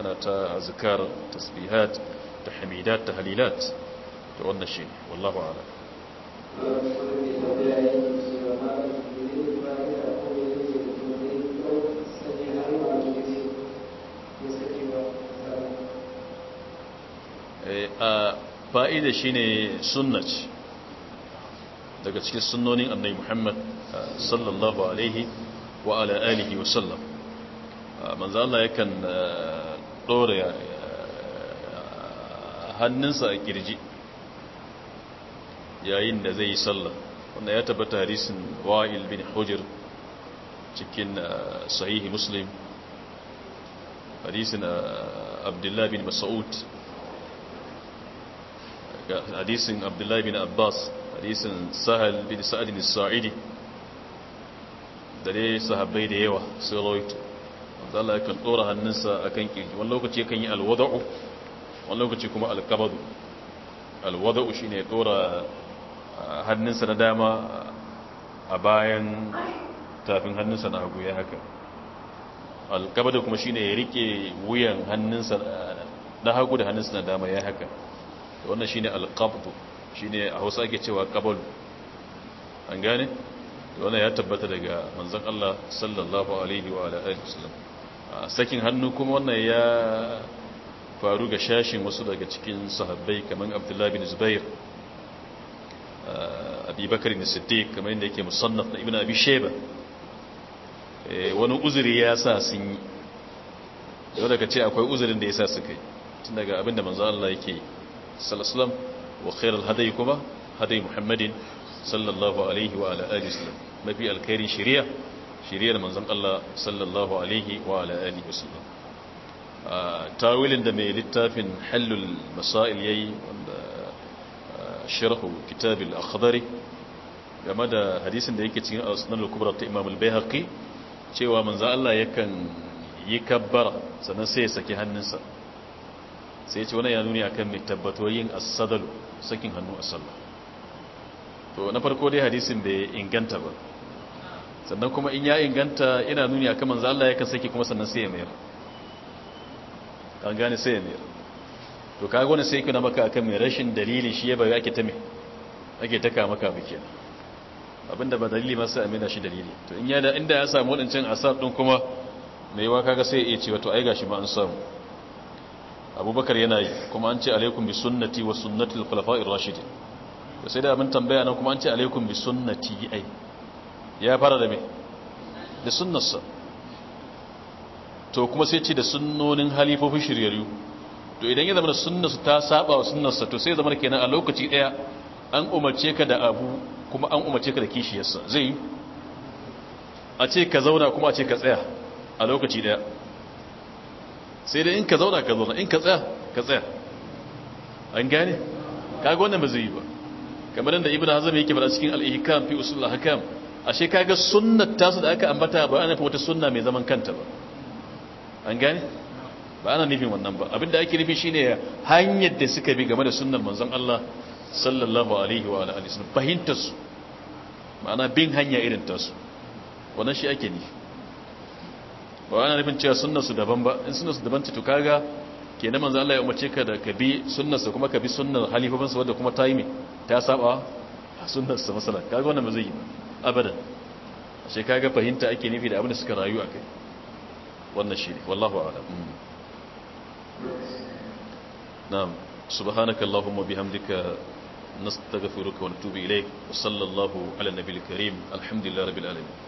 ana ta azkar tasbihat ta tahlilat to wannan shi wallahu a'lam Eh, a fa'ida shi ne sunnaci daga cikin sunnonin annai muhammad eh, sallallahu alaihi wa ala’alihi wa sallam eh, manzo Allah yakan ɗora hannunsa a kirji yayin da zai yi sallah wanda ya tabbata hadisin wa'il bin hujr cikin sahihi muslim hadisin abdullah bin mas'ud hadisin abdullahi bin abbas hadisin sahal bin bin sa'idi da dai sahabbai da yawa sai rawaito wanda Allah kan dora hannunsa akan kirji wani lokaci kan yi alwada'u wani lokaci kuma alkabadu alwada'u shine ya dora hannunsa na dama a bayan tafin hannunsa na hagu ya haka alkabadu kuma shine ya rike wuyan hannunsa na hagu da hannunsa na dama ya haka wannan shine alqabdu shine a Hausa ake cewa qabl an gane wannan ya tabbata daga manzon Allah sallallahu alaihi wa alihi wasallam sakin hannu kuma wannan ya faru ga shashin wasu daga cikin sahabbai kamar Abdullah bin Zubair Abi Bakar bin Siddiq kamar yadda yake musannaf da Ibn Abi Shayba eh, wani uzuri ya sa sun yi yau daga ce akwai uzurin da ya sa su kai tun daga abinda manzo Allah yake yi صلى الله عليه وسلم وخير الهدي كما هدي محمد صلى الله عليه وعلى آله وسلم ما في الخير شريعة شريعة من زمن الله صلى الله عليه وعلى آله وسلم آه، تاويل عندما يلتاف حل المسائل يي آه، شرح كتاب الأخضر كما دا حديث عندما يكتين أسنان الكبرى إمام البيهقي شيء ومن زمن الله يكن يكبر سنسيسك هننسى sai ce wani ya nuni akan mai tabbatoyin yin sadalu sakin hannu a sallah to na farko dai hadisin bai inganta ba sannan kuma in ya inganta ina nuni akan manzo Allah yakan saki kuma sannan sai ya mayar an gane sai ya mayar to kaga wannan sai kuna maka akan mai rashin dalili shi ya bari ake ta mai ake taka maka bike abinda ba dalili masu sai a shi dalili to in ya da inda ya samu wadancan asar din kuma mai wa kaga sai ya ce wato ai gashi ma an samu abubakar yana yi kuma an ce alaikun bi sunnati wa sunnati al-khulafa'ir da sai da abin tambaya na kuma an ce alaikun bi sunnati ai ya fara da me da sunnarsa to kuma sai ce da sunnonin halifofin shiryayyu to idan ya zama da sunnarsa ta saba wa sunnarsa to sai ya zama kenan a lokaci daya an umarce ka da abu kuma an umarce ka da kishiyarsa zai yi a ce ka zauna kuma a ce ka tsaya a lokaci daya sai dai in ka zauna ka zauna in ka tsaya ka tsaya an gane kaga wannan ba zai yi ba kamar yadda ibnu hazm yake fara cikin al-ihkam fi usul al-ahkam ashe kaga sunnat su da aka ambata ba ana fa wata sunna mai zaman kanta ba an gane ba ana nufin wannan ba abinda ake nufi shine hanyar da suka bi game da sunnar manzon Allah sallallahu alaihi wa alihi wasallam fahimtar su ma'ana bin hanya irin tasu wannan shi ake nufi ba ana nufin cewa sunna su daban ba in sunna su daban ce to kaga kenan manzan Allah ya umarce ka da ka bi sunnar kuma ka bi sunnar halifofin wadda kuma ta yi mai ta saba a su masana kaga wannan ba zai yi ba abadan sai kaga fahimta ake nufi da abin da suka rayu kai wannan shi ne wallahu ala. Mm. na'am subhanakallahumma bihamdika نستغفرك ونتوب إليك وصلى الله على النبي الكريم الحمد لله رب العالمين